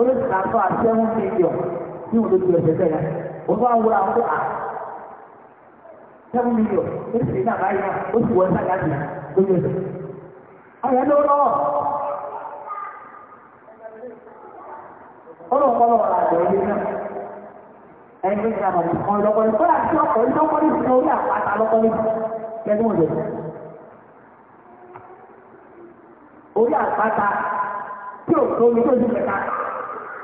olùsàkọ àti ẹwọn mílíọ̀n ní wọn lójú ẹsẹ̀ bẹ́ẹ̀ wọn bá wúra wọn tó à ẹwọn mílíọ̀n ó sì ní àbáyé náà ó sì wọ ẹsẹ̀ àgbàdì lójú ẹsẹ̀. àwọn ẹni olówó olùkọ́lọ̀ wà láàbẹ̀ ẹni náà ẹni tó ń ta àbàdì kan lọ́kọ́lẹ̀ kó láti ọkọ̀ ní lọ́kọ́lẹ̀ sí orí àpáta lọ́kọ́lẹ̀ kẹ́ni wọn lè orí àpáta tí ò tó omi tó ti pẹ̀ka.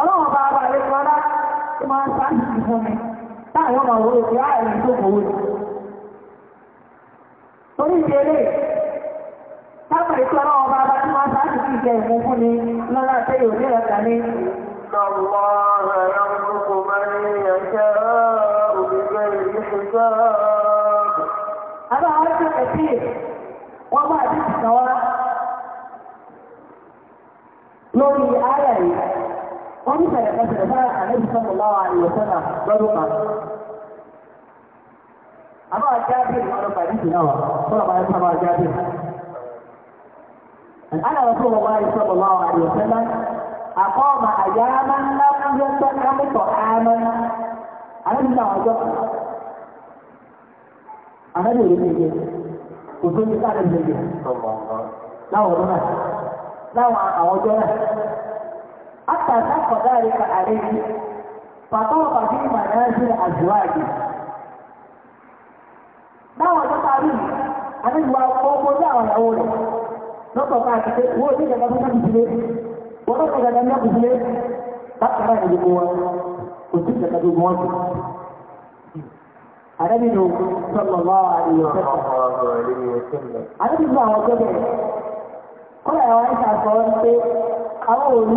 ọlọ́wọ́n bá bá lè kọ́lá tó máa ń sáàtì fún mi táwọn ọmọ òwúrò tí láàrin tó kòwò torí ìdílé táwọn ètò ọlọ́wọ́n bá bá tó máa ń sáàtì sí ìjẹ fún ni lọ́lá ní lórí ayà yìí. wọ́n ní ṣẹlẹ̀ kan ṣẹlẹ̀ sára àlejò sọ́nà láwọn àríwọ̀ sọ́nà lọ́dún kan. àbá jáde ìwọ́n lọ pàdé ìsìn náà wà fún àwọn ẹ̀ka àbá jáde. أنا رسول الله صلى الله عليه وسلم أقام أياما لم يتنم طعاما أنا بنا وجهه أنا بنا وجهه وكل سنة بنا وجهه láwọn ọdún náà láwọn àwọn ọjọ́ náà حتى شق ذلك عليه فطاب في منازل أزواجه báwọn tó parí àmìgbà ọmọ ní àwọn ìyàwó rẹ̀ lọ́pọ̀ káàkiri wo ní ìjọba tó sáàkì sílé wọ́n tó kọjá ní ọkùn sílé láti ara ìdìbò wọn kò ìjọba tó gbọ́n sọ̀rọ̀ lọ́wọ́ àwọn bẹ̀rẹ̀ kọ́lá ń àwọn òní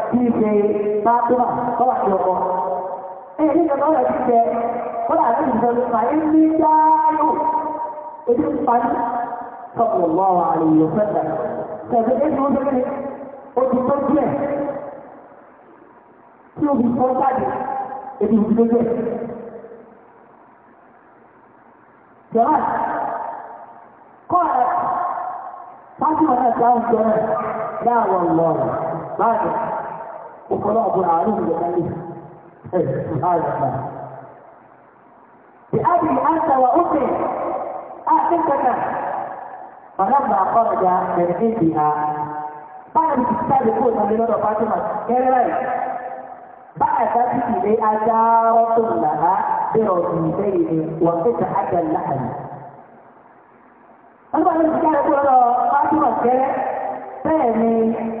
ti ṣe fátímà kọ́lá tí o fi fọ́ jáde náà ti àwọn jọ náà dáàwọ̀ lọ́wọ́ báyìí. وقلوب العالم يغنيها في الله بأبي أنت وأمي أعتقد آه، فلما خرج من عندها بعد الكتاب يقول من لنا فاطمة كيف بعثت إلي أجارة لها برغيفين وقطعة اللحم أنا بعد الكتاب يقول أنا فاطمة كيف ثاني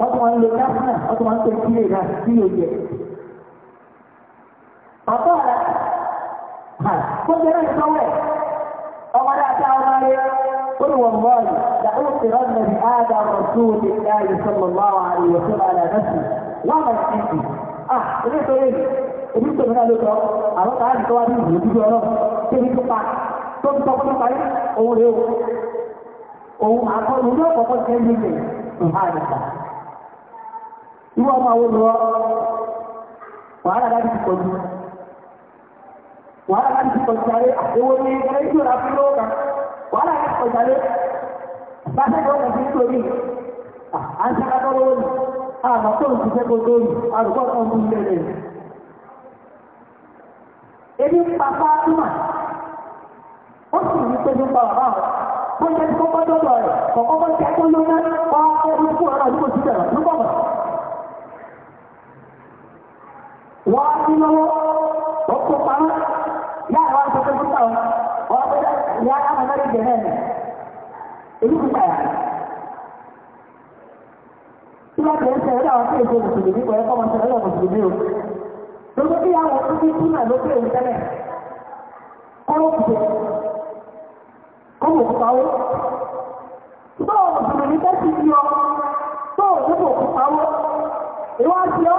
wọ́n tún máa ń lo káfínà wọ́n tún sí òye. bàbá rẹ̀ kó jẹ́ náà sọ́wọ́ ẹ̀ ọmọ dáadáa ọmọ rẹ̀ ó ní wọn bọ́ọ̀lù làwọn òṣèré nàbí áádá ọ̀tún òde láàyè sọ̀rọ̀ láwọn àríwọ̀ tó àlà náà sí wọ́n máa ti sì. ah ilé ìtòlè èmi tó nínú àlejò àwọn kan àti tọ́wá ní ìlú dúdú ọlọ́ tẹ́lí tó pa tó ń tọ́ fún parí òun rèé o òun àkọ́ ìlú ọ̀pọ̀pọ̀ ìwọ ọmọ àwọn olùrọ wàhálà láti ti pọ̀jù wàhálà láti ti pọ̀jù sáré àtẹwọ́ ní ẹgbẹ́ ìjọ ìlà fún lọ́ọ̀kan wàhálà láti pọ̀jù sáré sí nítorí ni tó ń ṣiṣẹ́ àrùkọ́ kan ebi túmọ̀ ó sì ní pé ní pa bàbá ọkọ̀ wọ́n á ní lọ́wọ́ wọ́n kó pamọ́ yá àwọn akẹ́kọ̀ọ́ tó tà wọ́n wọ́n kó yá àwọn akẹ́kọ̀ọ́ jẹ̀ náà èyí ti tà yà. tí wọ́n kẹ́ ń sẹ́yìn láwọn tí èso mùsùlùmí kọ̀ ẹ́kọ́ wọn sẹ́yìn lọ mùsùlùmí o. lóko bí àwọn tó ti kú náà ló pé òun ìwọ́n ti ọ́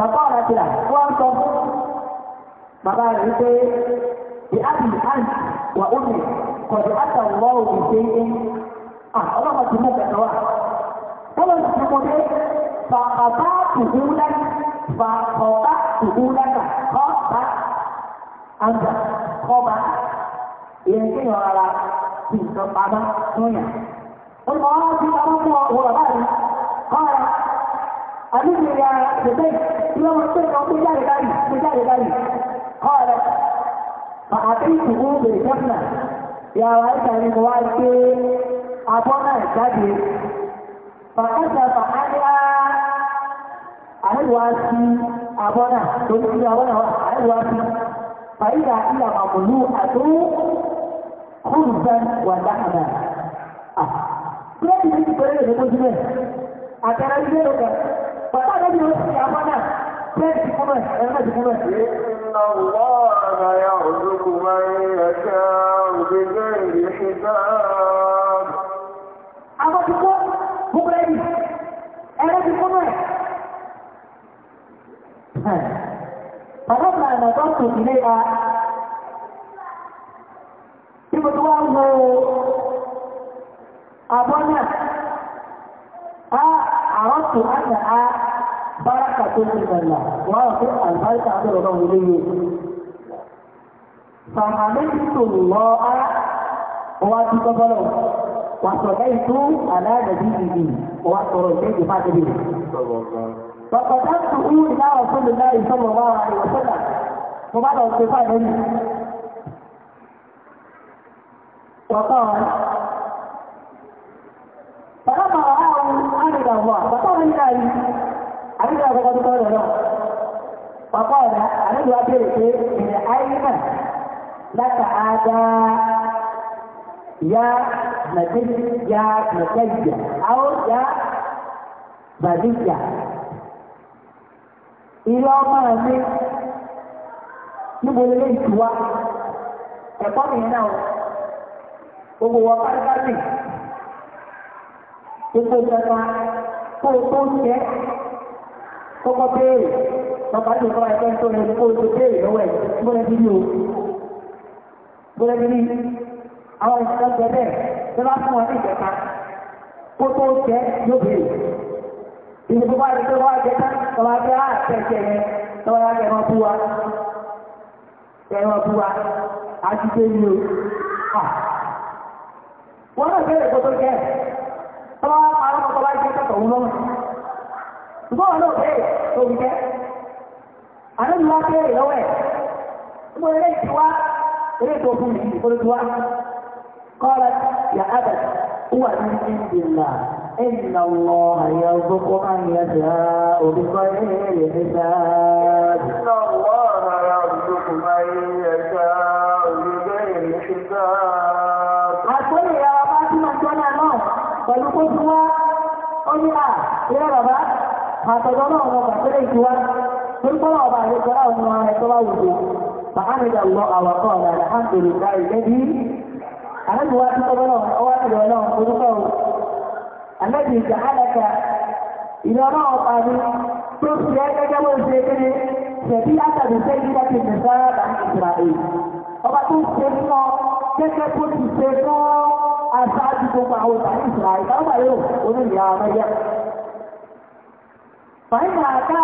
bàbá ọ̀rọ̀ ti rà wọ́n ń sọ fún bàbá rẹ̀ wípé the abbey and wà omi kọ̀dọ̀ àtà wọ́ òun ṣe é ọlọ́mọ ti mú bẹ̀rẹ̀ wá wọ́n lọ sí mo dé fàkọ̀tà tùkú lẹ́nu fàkọ̀tà tùkú lẹ́nu kọ́ba àgbà kọ́ba ìyẹn kí ni ọ̀rọ̀ ti nǹkan pamọ́ tó yàn. ó lọ sí ọmọ fún ọ̀rọ̀ báyìí kọ́ra. أبي يا زيد يوم الصبح وبجاري داري بجاري داري قال فأعطيته بالجنة يا وعيسى من والدي أبونا الجدي فكشف عنها الواسي أبونا تقول يا أبونا الواسي فإذا هي مملوءة خبزا ولحما آه. كيف يجب أن يكون هناك؟ أترى الجنة Bàbá rẹ̀ ni ó ti àmọ́nà bẹ́ẹ̀ ti kúmọ̀ ẹ̀rọ ti kúmọ̀. Iná wọ́ ara ya òdúkú máa ń ẹ̀ṣẹ́ òdúgbé ìrìṣẹ́ náà. Àwọn ti kó gbogbo ẹ̀yìn, ẹ̀rọ ti kúmọ̀ ẹ̀. Bàbá mi àná tó tò sílé wa. Bí mo ti wá ń wo àbọ̀ náà, àrọ́tù àgbà á bárakà tó ti mẹ̀lá wọ́n rọ̀ pé àlùbáríkà àbẹ̀rẹ̀ náà wọlé yìí sàmàlẹ́ títò lọ́ á wá sí gbọ́gbọ́lọ̀ wà sọ̀rọ̀ ètò aláàdàbí ìdì wà sọ̀rọ̀ ìṣẹ́ ìdí fàtẹ́bí. Bàbá tó ń ìdá ọ̀sán lè láì sọ̀rọ̀ wá ara rẹ̀ sọ́dà. Mo bá lọ sí fáìlì. Wọ́n فلما رآه عبد الله فقال لله عبد الله فقد قال الله فقال أنا أبيك من أين لك هذا يا مدي يا مدي أو يا مدي إلى ما من níbo lè ti wá ẹ̀kọ́ nìyẹn náà gbogbo wa pátápátá gbogbo ìjọba kó o tó ń jẹ́ kọ́kọ́ béèrè lọ́pàá tó kọ́ ẹgbẹ́ tó rẹ̀ kó o tó béèrè lọ́wọ́ ẹ̀ gbọ́dọ̀ bí ní o gbọ́dọ̀ bí ní àwọn ìṣẹ́ jẹ tó bá fún wọn ní ìjọba kó tó ń jẹ́ yóò béèrè ìlú tó bá rí tó wá jẹ tán lọ́wọ́ jẹ́ yẹn lọ́wọ́ yá kẹrọ bú wa kẹrọ bú wa àti dé ní o wọ́n náà béèrè kó tó jẹ́ tọ́lá wọn pa àwọn ọkọ̀ láti kẹ́kọ̀ọ́ wọn lọ́wọ́ ṣùgbọ́n wọn náà bẹ́ẹ̀ tó fi jẹ́ àná ìlú wọn bẹ́ẹ̀ lọ́wọ́ ẹ̀ mo lè ti wá eré tó fún mi ìfọ́lẹ́ ti wá kọ́ra yà ábẹ̀ wà ní ìdìlà إن الله يرزق من يشاء بغير حساب. إن الله ní à ilé bàbá àtọ̀dọ́ náà wọn bà sílẹ̀ ìtura torí kọ́ náà ọba àlejò náà ni wọn ẹ̀tọ́ bá wù ú bàhánidà lọ àwàkọ́ ọ̀nà àlàhàndùlùkà ìlẹ́bí àlejò wa ti tọ́gbọ́n náà ọwọ́ àtọ̀dọ́ náà orúkọ àlejò ìjà àlẹ́kà ìlú ọ̀nà ọ̀pá mi tó ọba tó ń ṣe fún ọ gẹ́gẹ́ bó ti ṣe fún aṣáájú gbogbo àwọn ìbàdí ìṣúra ìbáwà yóò oníyà ọmọdé. Fàyínà káàkiri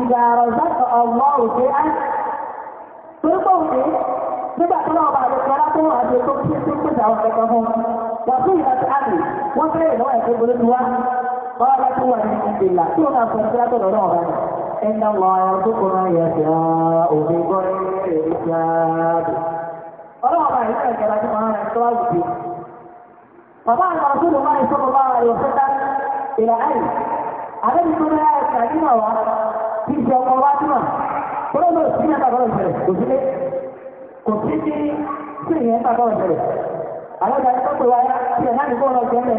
ìdàrọ̀ sọ́kọ̀ ọ̀gbọ́n òṣè á. Torí pé òṣè nígbà tó náà bàbá ìṣẹ́ látó àti ètò tí ó ti ń pèsè àwọn ẹ̀kọ́ fún wọn. Wà fún ìyàtọ̀ wọ́n fẹ́ ìlọ́wọ́ ẹ̀kọ́ ìgbòlódù wá. قال هو من عند الله دون أن تنسلت العلوم إن الله يرزق من يشاء بغير حساب ọlọ́ọ̀bá ìlú ẹ̀kẹ́lá tí wọ́n rẹ̀ tọ́wọ́ ìdí bàbá àwọn ọ̀ṣọ́lù máa ń sọ́kọ̀ bá ayọ̀ sẹ́ta ìlà ẹ̀yìn àbẹ́bí tó náà ẹ̀ka nínú ọ̀wá tí ìṣẹ́ ọmọ wá tí wọ́n bọ́lá lọ sí ẹ̀ka bọ́lá ìṣẹ̀lẹ̀ kò sí kò sí ní sí ìyẹn ẹ̀ka bọ́lá ìṣẹ̀lẹ̀ àwọn ìdájọ́ tó wáyé tí ẹ̀ náà ní bọ́lá ìṣẹ̀lẹ̀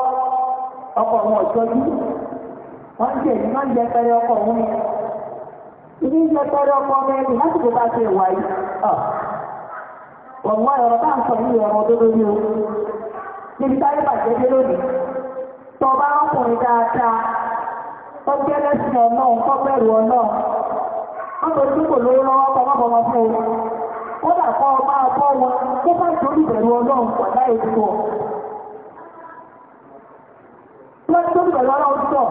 ọkọ̀ wọn ìtọ́jú wọ́n jẹ́ ìlú máa ń jẹ pẹrẹ ọkọ̀ wọn ni ìdí ń jẹ pẹrẹ ọkọ̀ ọmọ ẹni láti kó bá ṣe wà yìí ọ̀wọ́n ẹ̀rọ bá ń sọ ní ọ̀rọ̀ tó lórí o níbi táyé bàjẹ́ dé lónìí tọba ọkùnrin dáadáa ó jẹ́ lẹ́sìn ọ̀nà nǹkan bẹ̀rù ọ̀nà wọ́n tó dúpọ̀ lówó lọ́wọ́ pọmọpọmọ fún o wọ́n dà kọ́ ọmọ àbọ̀ wọn tó bá ìtòrí bẹ̀rù ọlọ́run pọ̀ lọ́jọ́ pẹ̀lú ọlọ́run sọ.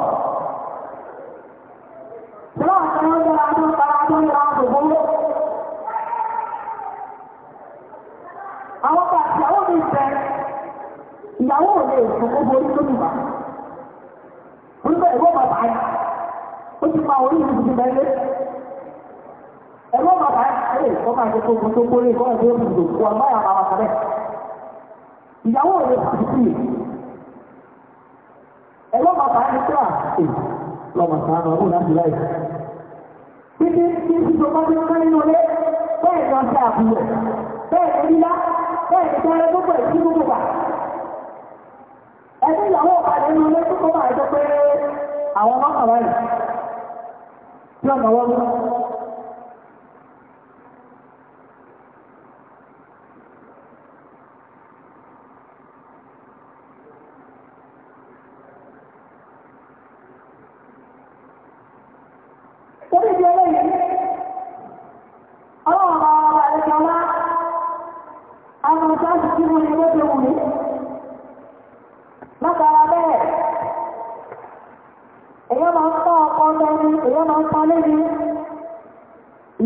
ẹlọ́mọ sàánù kíra ẹ̀ lọ́mọ sàánù ọdún láti láì. Títí tí ìṣòro bá ti ká nínú ilé, bẹ́ẹ̀ ni ọ̀sẹ̀ àbúrò, bẹ́ẹ̀ ni lílá, bẹ́ẹ̀ ni kẹrẹ gbogbo ẹ̀ sí gbogbo wa. Ẹgbẹ́ ìyàwó ọ̀pá nínú ilé tó kọ́ bá ẹjọ́ pé àwọn ọmọ kàwáyì tí ọ̀nà wọ́n mú.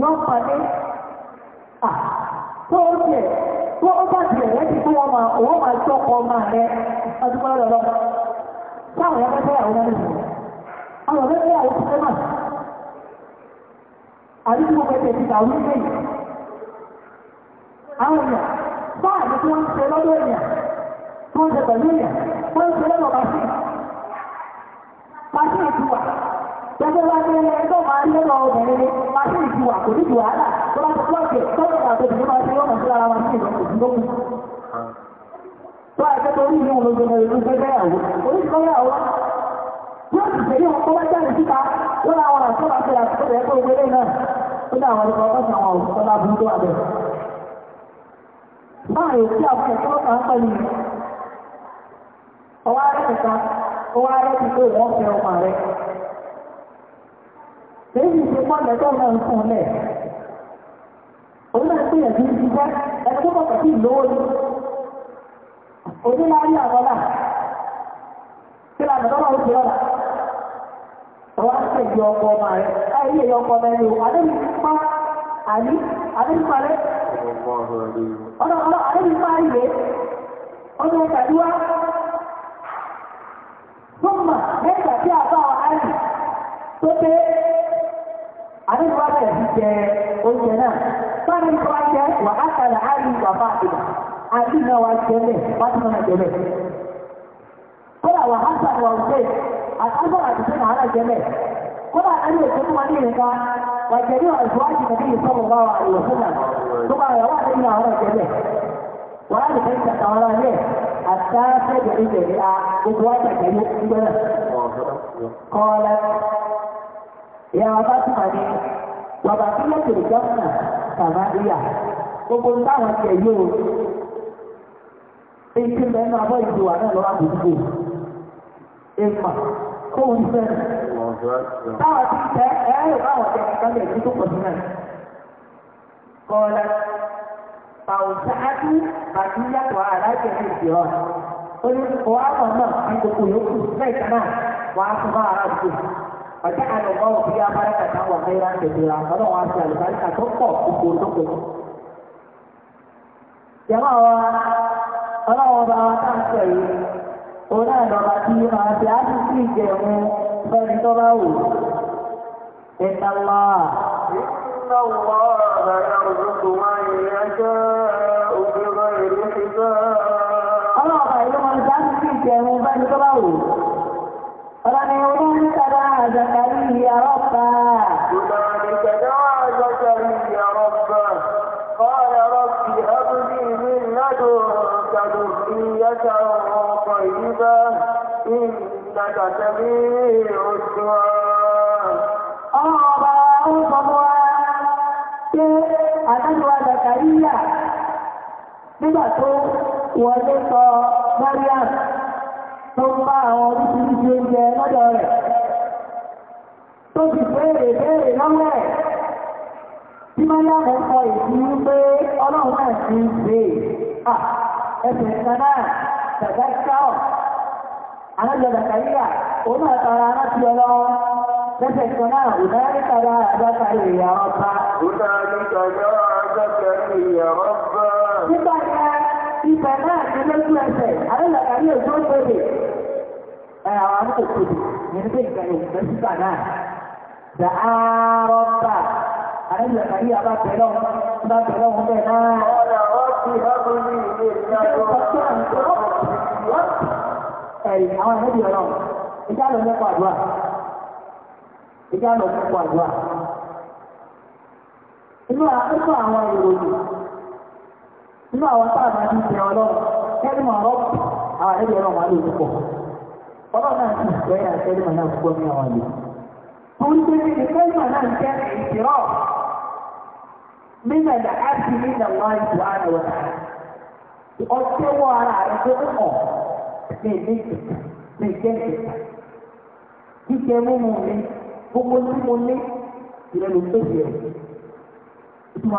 wọ́n pàdé tó ó tó ó bá jẹ́ rẹ̀ ti fún ọmọ òun máa tọ́kọ ọmọ rẹ̀ ọdún gbogbo wa ní ẹni tó máa ń lọ́wọ́ obìnrin ni máa ṣe ìjùwà kò ní ju wàhálà tó bá ti pọ́ọ̀kì tọ́lọ̀ àti obìnrin máa ṣe yọ́ mọ̀ sí ara wa nínú ìdókù. tó àìsẹ́ tó rí ìyóhun lójú ọmọ ìlú gbẹgbẹ́ ìyàwó oríṣiríṣi ìyàwó yóò sì ṣe yóò kọ́ bá jáde síta lọ́la àwọn àṣọ àti àṣọ rẹ̀ kó ìgbélé náà ó ní àwọn ọkọ̀ ọ̀sán àwọn òṣìṣẹ́ láburú tó wà bẹ̀rẹ̀. báyìí tí àwọn ẹ̀kọ́ kan pẹ̀lú ọwọ́ arẹ́ kẹta ọwọ́ arẹ́ kẹta ìwọ́n fẹ́ ọmọ rẹ̀ èyí ti pọ́ lọ́jọ́ náà ń fún lẹ̀. òun náà ụgbọ ti jẹ́ ẹni tó kọ̀kọ̀ sí ìlówó ni. òní láyé àwọn náà kí lànà tó máa ń fi ọ̀nà. Àwọn ọkọ àdéhùn wa tẹ̀ sí jẹ oúnjẹ náà sọ́ni tó wá jẹ wà á kalẹ̀ á yí bàbá àdìgbà àti náà wá jẹ bẹ́ẹ̀ wá tún náà jẹ bẹ́ẹ̀. kódà wà á sàn wà ọ̀sẹ̀ àtàwọn àdìgbà náà á jẹ bẹ́ẹ̀ kódà àdéhùn ètò fún wa ní ìrìnká wà jẹ ní ọ̀sùwájú nàbí ìsọ̀rọ̀ wà wà bá wà ní ìlànà ìyàwó abátúmọ̀ ni bàbá tí wọ́n tèrè gọ́ọ̀nà sàmáríà gbogbo ń táwọn ti ẹ̀yẹ o ètò mẹ́nu abọ́ ìdìwà náà lọ́wọ́ àdúgbò èèmà kóhun fẹ́ táwọn ti tẹ ẹ̀rọ báwọn tẹ ẹ̀ka lè fi tó pọ̀ sí náà kọ́lá pàwùsáàdù àti yàtọ̀ aláìsẹ̀ ní ìdìrọ̀ ó ní wàá mọ̀ náà ní gbogbo yòókù lẹ́ẹ̀kan náà wàá tún فجعل الله فيها بركة وخيرا كثيرا فلو عسى البركة تبقى تكون تكون جماعة ọlọ́wọ́ bá wa ká sọ yìí òun náà lọ́ba tí máa ṣe á sì sí ìjẹun fẹ́ni tó bá wù. Ìta lọ. Ìta wọ ọ̀rẹ́ òṣùṣù máa ń yẹ ẹjọ́ òṣèré ìlú ti gbọ́. Ọlọ́wọ́ bá yìí ló máa ṣe á sì sí fẹ́ni tó bá wù. هنالك دعا زكريا ربه هنالك دعا زكريا ربه قال رب هب لي من لدنك ذرية طيبة إنك سميع الدعاء الله أكبر Adájọ́ Zakaria nígbà tó wọlé sọ Mariam tó bá àwọn oríṣiríṣi oúnjẹ lọ́dọ̀ rẹ̀ tó sì béèrè béèrè lọ́wọ́ tí máa ń dáàbò kọ ìdí wípé ọlọ́run náà ti lẹ́sẹ̀ kan náà òdáyé tara àgbàkà ìyá ibẹ̀ náà ní lójú ẹsẹ̀ alẹ́lẹ́ka ní ojú òkèèrè ẹ̀ àwọn amókòkò nínú pé nǹkan yóò fẹ́ síbà náà dà á rọ́bà alẹ́lẹ́ka ní abá bẹ̀rẹ̀ wọn bá bẹ̀rẹ̀ wọn bẹ̀ náà. ọ̀nà ọ̀sì ọ̀gbìn ní ilé ìdájọ́ ẹ̀yìn àwọn ẹ̀mẹ́bí ọlọ́run ìjà lọ nípa àdúrà ìjà lọ nípa àdúrà inú àkókò àwọn ìròyìn nínú àwọn táàmù àti ìṣẹ̀ ọlọ́run kẹ́lìmọ̀ rọ́pù àwọn ẹgbẹ́ ọlọ́run wà lóòótọ́ pọ̀ ọlọ́run náà ti ìṣẹ́ yà kẹ́lìmọ̀ náà púpọ̀ ní àwọn àlè torí pé ní kẹ́lìmọ̀ náà jẹ́ ìṣirọ́ nínú ẹ̀dà áàtì nínú àwọn ìṣù ara wọn ọtí wọ ara gbogbo tí mo ní ìrẹ́lú tó yẹ ìtumọ̀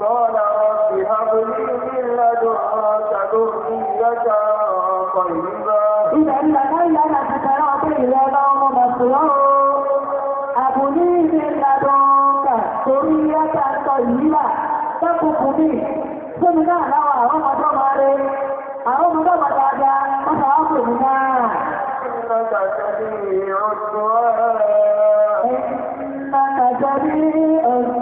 قال رب هب لي من لدنك ذرية طيبة إذا لدي لك إلى يوم مسرور هب لي من لدنك ذرية طيبة تكف بي fúnmi náà láwọn àwọn ọmọdé ọmọ rẹ̀ àwọn ọmọdé ọmọ dáadáa wọ́n sọ wọ́n fòmù náà. Ìnàkàjọ́ bí ọ̀dọ́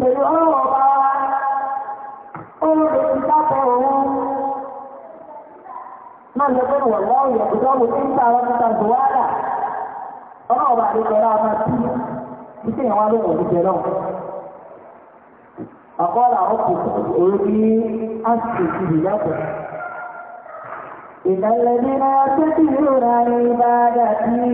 pẹ̀lú ọ̀rọ̀ ọba wa ohun rẹ̀ ti máa lọ pẹ̀lú ọ̀rọ̀ ọ̀yẹ̀ ìjọba tí ń ta àwọn títa zuwara ọba àdéjọra ọba tí ìṣe ìwọ̀n lóhùn òdìjẹ náà àkọọ́lá ní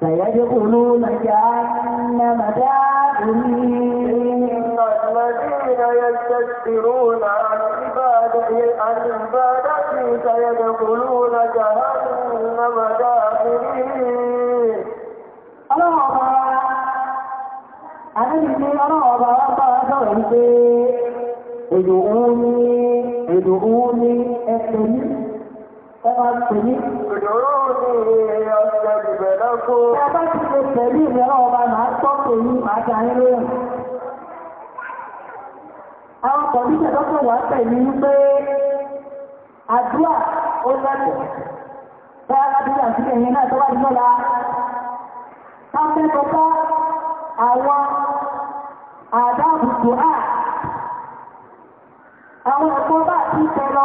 فيدخلون جهنم داخلين إن الذين يستكبرون عن عبادتي سيدخلون جهنم داخلين الله أنت أرابا فأتوا إدعوني إدعوني أتمنى Ẹwà tèmi. Ìdòrò ní ọ̀sẹ̀ ìbẹ̀rẹ̀ kó. Ẹ bá ti ṣe pẹ̀lú ìrẹ́lá ọba máa tọ́ pẹ̀lú àjà ẹlẹ́yìn. Àwọn kọ̀díṣẹ̀ lọ́pọ̀ wà pẹ̀lú wípé àdúrà ó lẹ́tọ̀ọ́. Bẹ́ẹ̀ aládùúgbò àti ẹ̀yìn náà tó wà nínú la. Káfẹ́ kọ́kọ́ àwọn àdáàbùkù à. Àwọn ẹ̀kọ́ bá ti tẹ̀lọ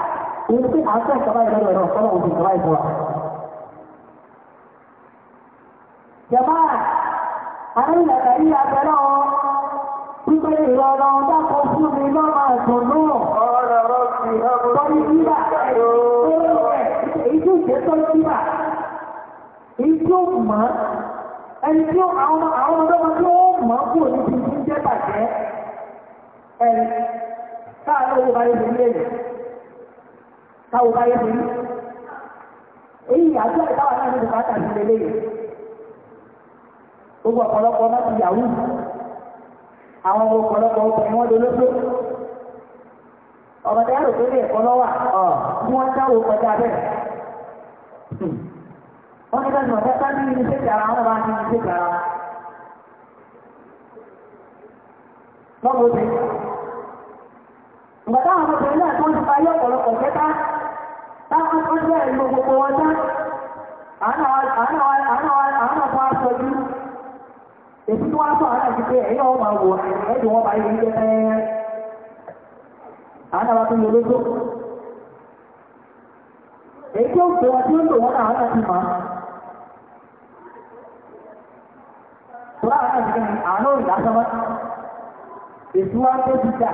èyí tí à ń tẹ̀ ìjọba ìlú ẹ̀rọ sọ́nà òdì ìjọba ìjọba. Jẹ̀má àwọn ìlànà yìí abẹ́rẹ́ ọ wípé ìrọ̀rọ̀ dákọ̀ fún mi lọ́mọ ẹ̀sùn náà. Ọ̀rọ̀ rọ̀ sí ọmọ ìgbà. Èyí tí ó jẹ́ tọ́ ìgbà. Èyí tí ó mọ̀ ẹni tí àwọn ọmọdé wọn tí ó mọ̀ kúrò níbi tí ń jẹ́ bàjẹ́. Ẹni káàlú owó bá yẹ táwọn báyé ti èyí àjọ ìdáwà náà ní bùkátà sí lélẹ̀ yìí gbogbo ọ̀pọ̀lọpọ̀ náà ti yàwó àwọn ọ̀pọ̀lọpọ̀ ọkùnrin wọn dolóso ọ̀bọ̀dé àrò tó lè ẹ̀kọ́ lọ́wà ọ̀ wọ́n dáwò kọjá bẹ́ẹ̀ wọ́n ní lẹ́nu ọ̀fẹ́ sáà ní ilé ìṣèjì ara bá ní ilé ìṣèjì ara wọn ti ìgbàdá àwọn ọmọbìnrin náà tó ń ti parí ọ̀pọ̀lọpọ̀ kẹta bẹ́ẹ̀ ní gbogbo wọn tán àánà èsì tí wọ́n sọ àánà ti ọmọ àwò ẹ̀dùn wọn bá yẹ ẹ́ àánà tó ti máa tóra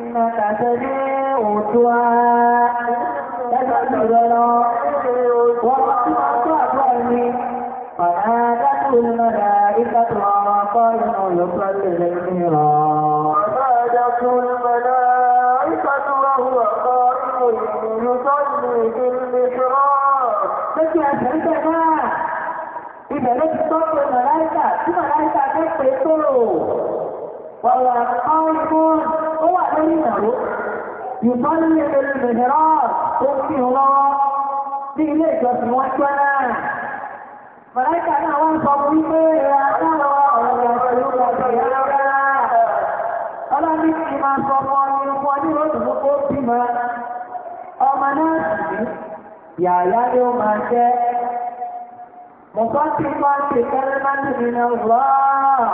إنك سميع الدعاء ونادته الملائكة وقائم يصلي للميراث ونادته الملائكة وهو قائم يصلي بالمحراب لكن أسألتنا إذا لم تصلي الملائكة في ملائكة تقتل وهو قوم هو أمينه يصلي بالمهراج تؤتيه الله بإليك وسنوكنا ملائكة أنا وانصر بك يا أنا وانصر بك يا أنا منك ما صفاني وقدر رزقك بما أمناتي يا يا يوم أنت مصدقا بكلمة من الله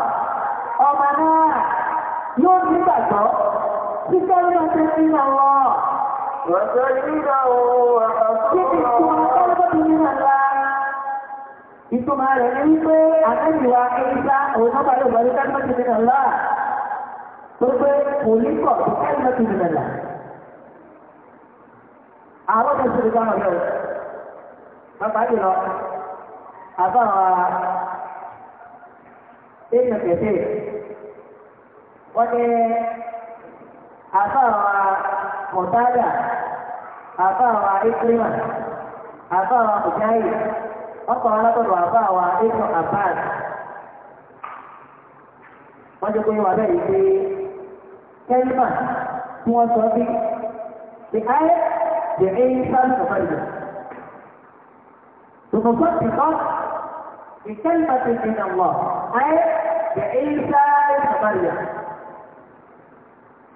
أمناتي yóò ní gbàgbọ́ títẹ́ ní ọjọ́ sí ọwọ́. Ìtumọ̀ rẹ̀ ní wípé àtẹ́jìwá ẹ̀yíká òun náà balẹ̀ òbọ̀lú kálímọ̀tì nínú ọ̀la. Tó pé kò ní kọ̀ sí kálímọ̀tì nínú Àwọn ọ̀dọ́ sí ìgbà wọn yóò. Bàbá yìí lọ, àbá èèyàn kẹ̀kẹ́ wọ́n ní àfáàwà mọ̀tádà àfáàwà ìkírímà àfáàwà mùjáyì ọkọ̀ alábọ̀dọ̀ àfáàwà ìkọ̀ àbáàdì wọ́n jẹ́ pé wà bẹ́ẹ̀ yìí pé kẹ́límà tí wọ́n sọ bí the eye the eye sáré ọ̀fẹ́ ìlú. Tùmùkọ́ ti kọ́ ìkẹ́límà ti di nà wọ̀ eye the eye sáré ọ̀fẹ́ ìlú.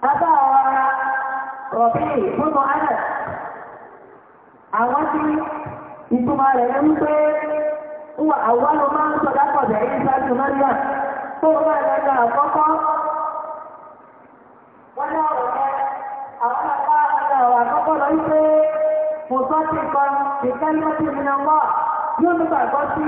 bàbá wa rọ̀bí a ánà àwọn tí ìtumọ̀ rẹ̀ ń pé wà àwọn ló máa ń sọ dápọ̀ bẹ̀rẹ̀ ìsájú mẹ́rìnà tó wà lẹ́gbẹ̀ẹ́ àkọ́kọ́ wọ́n ní ọ̀rọ̀ rẹ̀ àwọn àpá ọ̀rọ̀ àkọ́kọ́ lọ wípé mo sọ ti kọ ìkẹ́lẹ́ tí mi náà yóò sí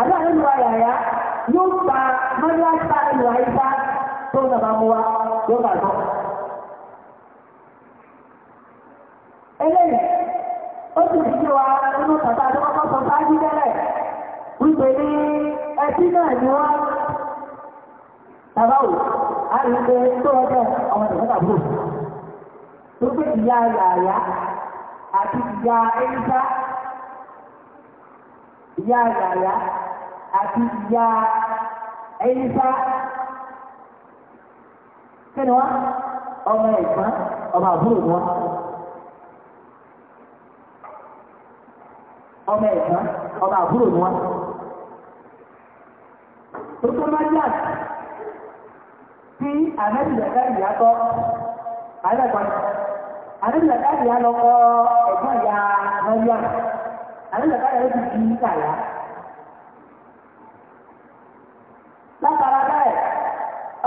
àbí àwọn ìlú àyàyà yóò gba mọ́lá ìta ìlú àyíká tó ń bàbá mu wa yóò gbà gbọ́. eléyìí ó sì fi wa nínú tàbí àdókòkò sọ sáájú tẹ́lẹ̀ wípé àti ìyá ẹ̀yíṣá kí ni wọ́n ọmọ ẹ̀gbọ́n ọmọ àbúrò wọn ọmọ ẹ̀gbọ́n ọmọ àbúrò wọn tuntun májá tí àmẹ́bìlẹ̀dá ìyàtọ̀ àrẹ́gbọ́n àmẹ́bìlẹ̀dá ìyá lọ́kọ́ ẹ̀gbọ́n ìyá mọ́lúwà àmẹ́bìlẹ̀dá ìyá ló ti di ìkàlá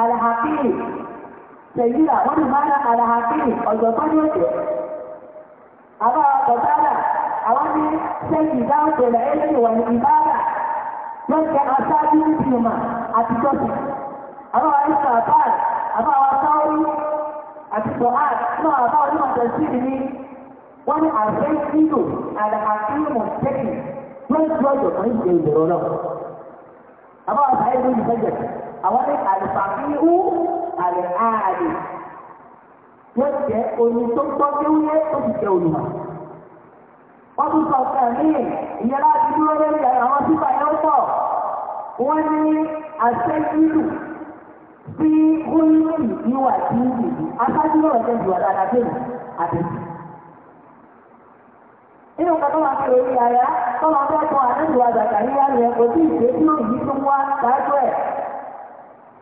àlàhàfíì tẹ̀yíra wọ́n ni máa àlàhàfíì ọ̀jọ̀gbọ́n ní òjò àbá ọ̀gbọ̀tálà àwọn ní sẹ́yìn ìdáhùn pẹ̀lú ẹlẹ́yìn wà ní ìbáàdà wọ́n jẹ́ aṣáájú ìfìmà àti tọ́sí àwọn àìsàn àbáà àbá wa sáwọ́rí àti sọ̀hán náà àbá onímọ̀ tẹ̀sí ni wọ́n ní àṣẹ ìlú àlàhàfíì mọ̀ tẹ́kì wọ́n ti ọ̀jọ̀gbọ́n ìṣe ìbẹ̀rọ̀ náà àbá wa sáyé lórí sẹ́jẹ̀ àwọn ní àlùfàfíhù àlẹ́ ààrẹ wọ́n jẹ́ oní tó gbọ́ tí ó yẹ ó sì jẹ́ olùmọ̀. wọ́n tún sọ ọ̀sẹ̀ míì ìyẹn láti dúró lórí àwọn sípà yẹn pọ̀ wọ́n ní àṣẹ́jìlù sí húnlùmí ìwà tí ń bì í aṣáájú náà jẹ́ ìwà dáadáa bẹ́ẹ̀ àbẹ̀sí. nínú kọ́tọ́ wa fi orí ara tọ́wọ́ fẹ́ kọ́ àdéhùn àgbàkà yíyá rẹ̀ kò tí ì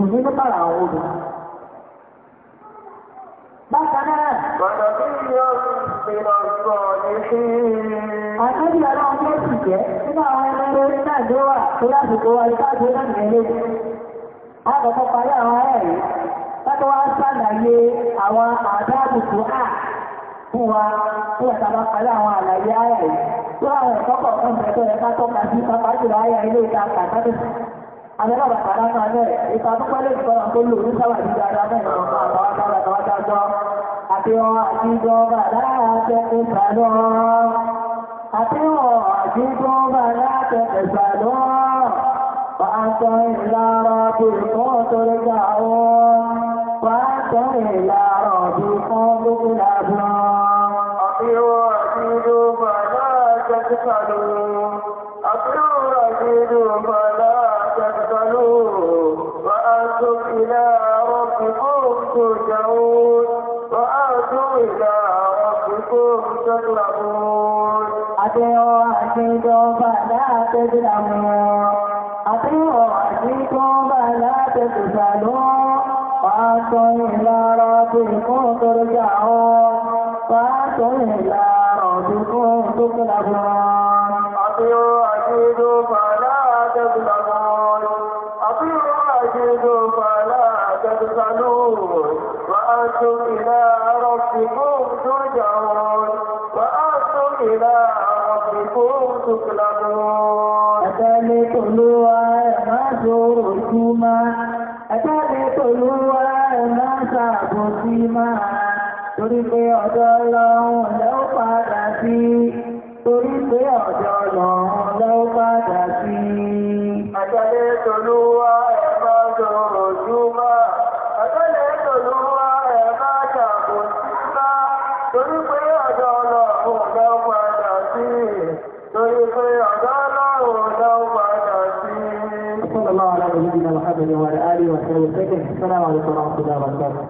ìyínú bára àwọn olùkọ́. Bákan náà. Bọ̀dọ̀ bí yóò fi ọjọ́ ní sí. Àtúndì ọlọ́run tó sì jẹ́ nínú àwọn ẹgbẹ́ orí náà ló wà tó lásìkò ìtàgé náà nílé. Àkọ́kọ́ parí àwọn ará yìí. Bákan wá sàlàyé àwọn àdáàbòkú à fún wa tó yàtọ̀ bá parí àwọn àlàyé ará yìí. Tó àwọn ẹ̀kọ́ kọ̀ọ̀kan bẹ̀rẹ̀ tó yẹ sí pápá jùlọ Àdẹ́gbàdà pàdánù alẹ́, ìta tó pẹ́lẹ̀ ìgbọ́nà tó lò ní sábà jíjá adá mẹ́rin àwọn àbáwátá àbáwátá jọ. Àti wọn àti ìjọba láàáṣẹ́ ìsàlọ́. Àti wọn àti ìjọba láàáṣẹ́ ìsàlọ́. Wàásọ̀ ìlara bí kọ́ tó lè gbà wọ́n. Wàásọ̀ ìlara bí kọ́ tó lè gbà فأعطوا إلى ربكم ترجعون فأعطوا إلى ربكم تقلبون أطيعوا أجيدوا فلا تظلمون أطيعوا أجيدوا فلا تبخلون وأنتم إلى ربكم ترجعون وأنتم إلى ربكم تقلبون أتلكم وأنا máa torí pé ọ̀dọ̀ lọ́run lẹ́ó padà sí torí pé ọ̀dọ̀ lọ́run lẹ́ó padà sí àjọlé tolúwa ẹ̀bá sọ̀rọ̀ júmọ́ àjọlé tolúwa ẹ̀bá ṣàkó síta torí pé ọ̀dọ̀ lọ́run lẹ́ó padà sí torí pé ọ̀dọ̀ lọ́run lẹ́ó padà sí.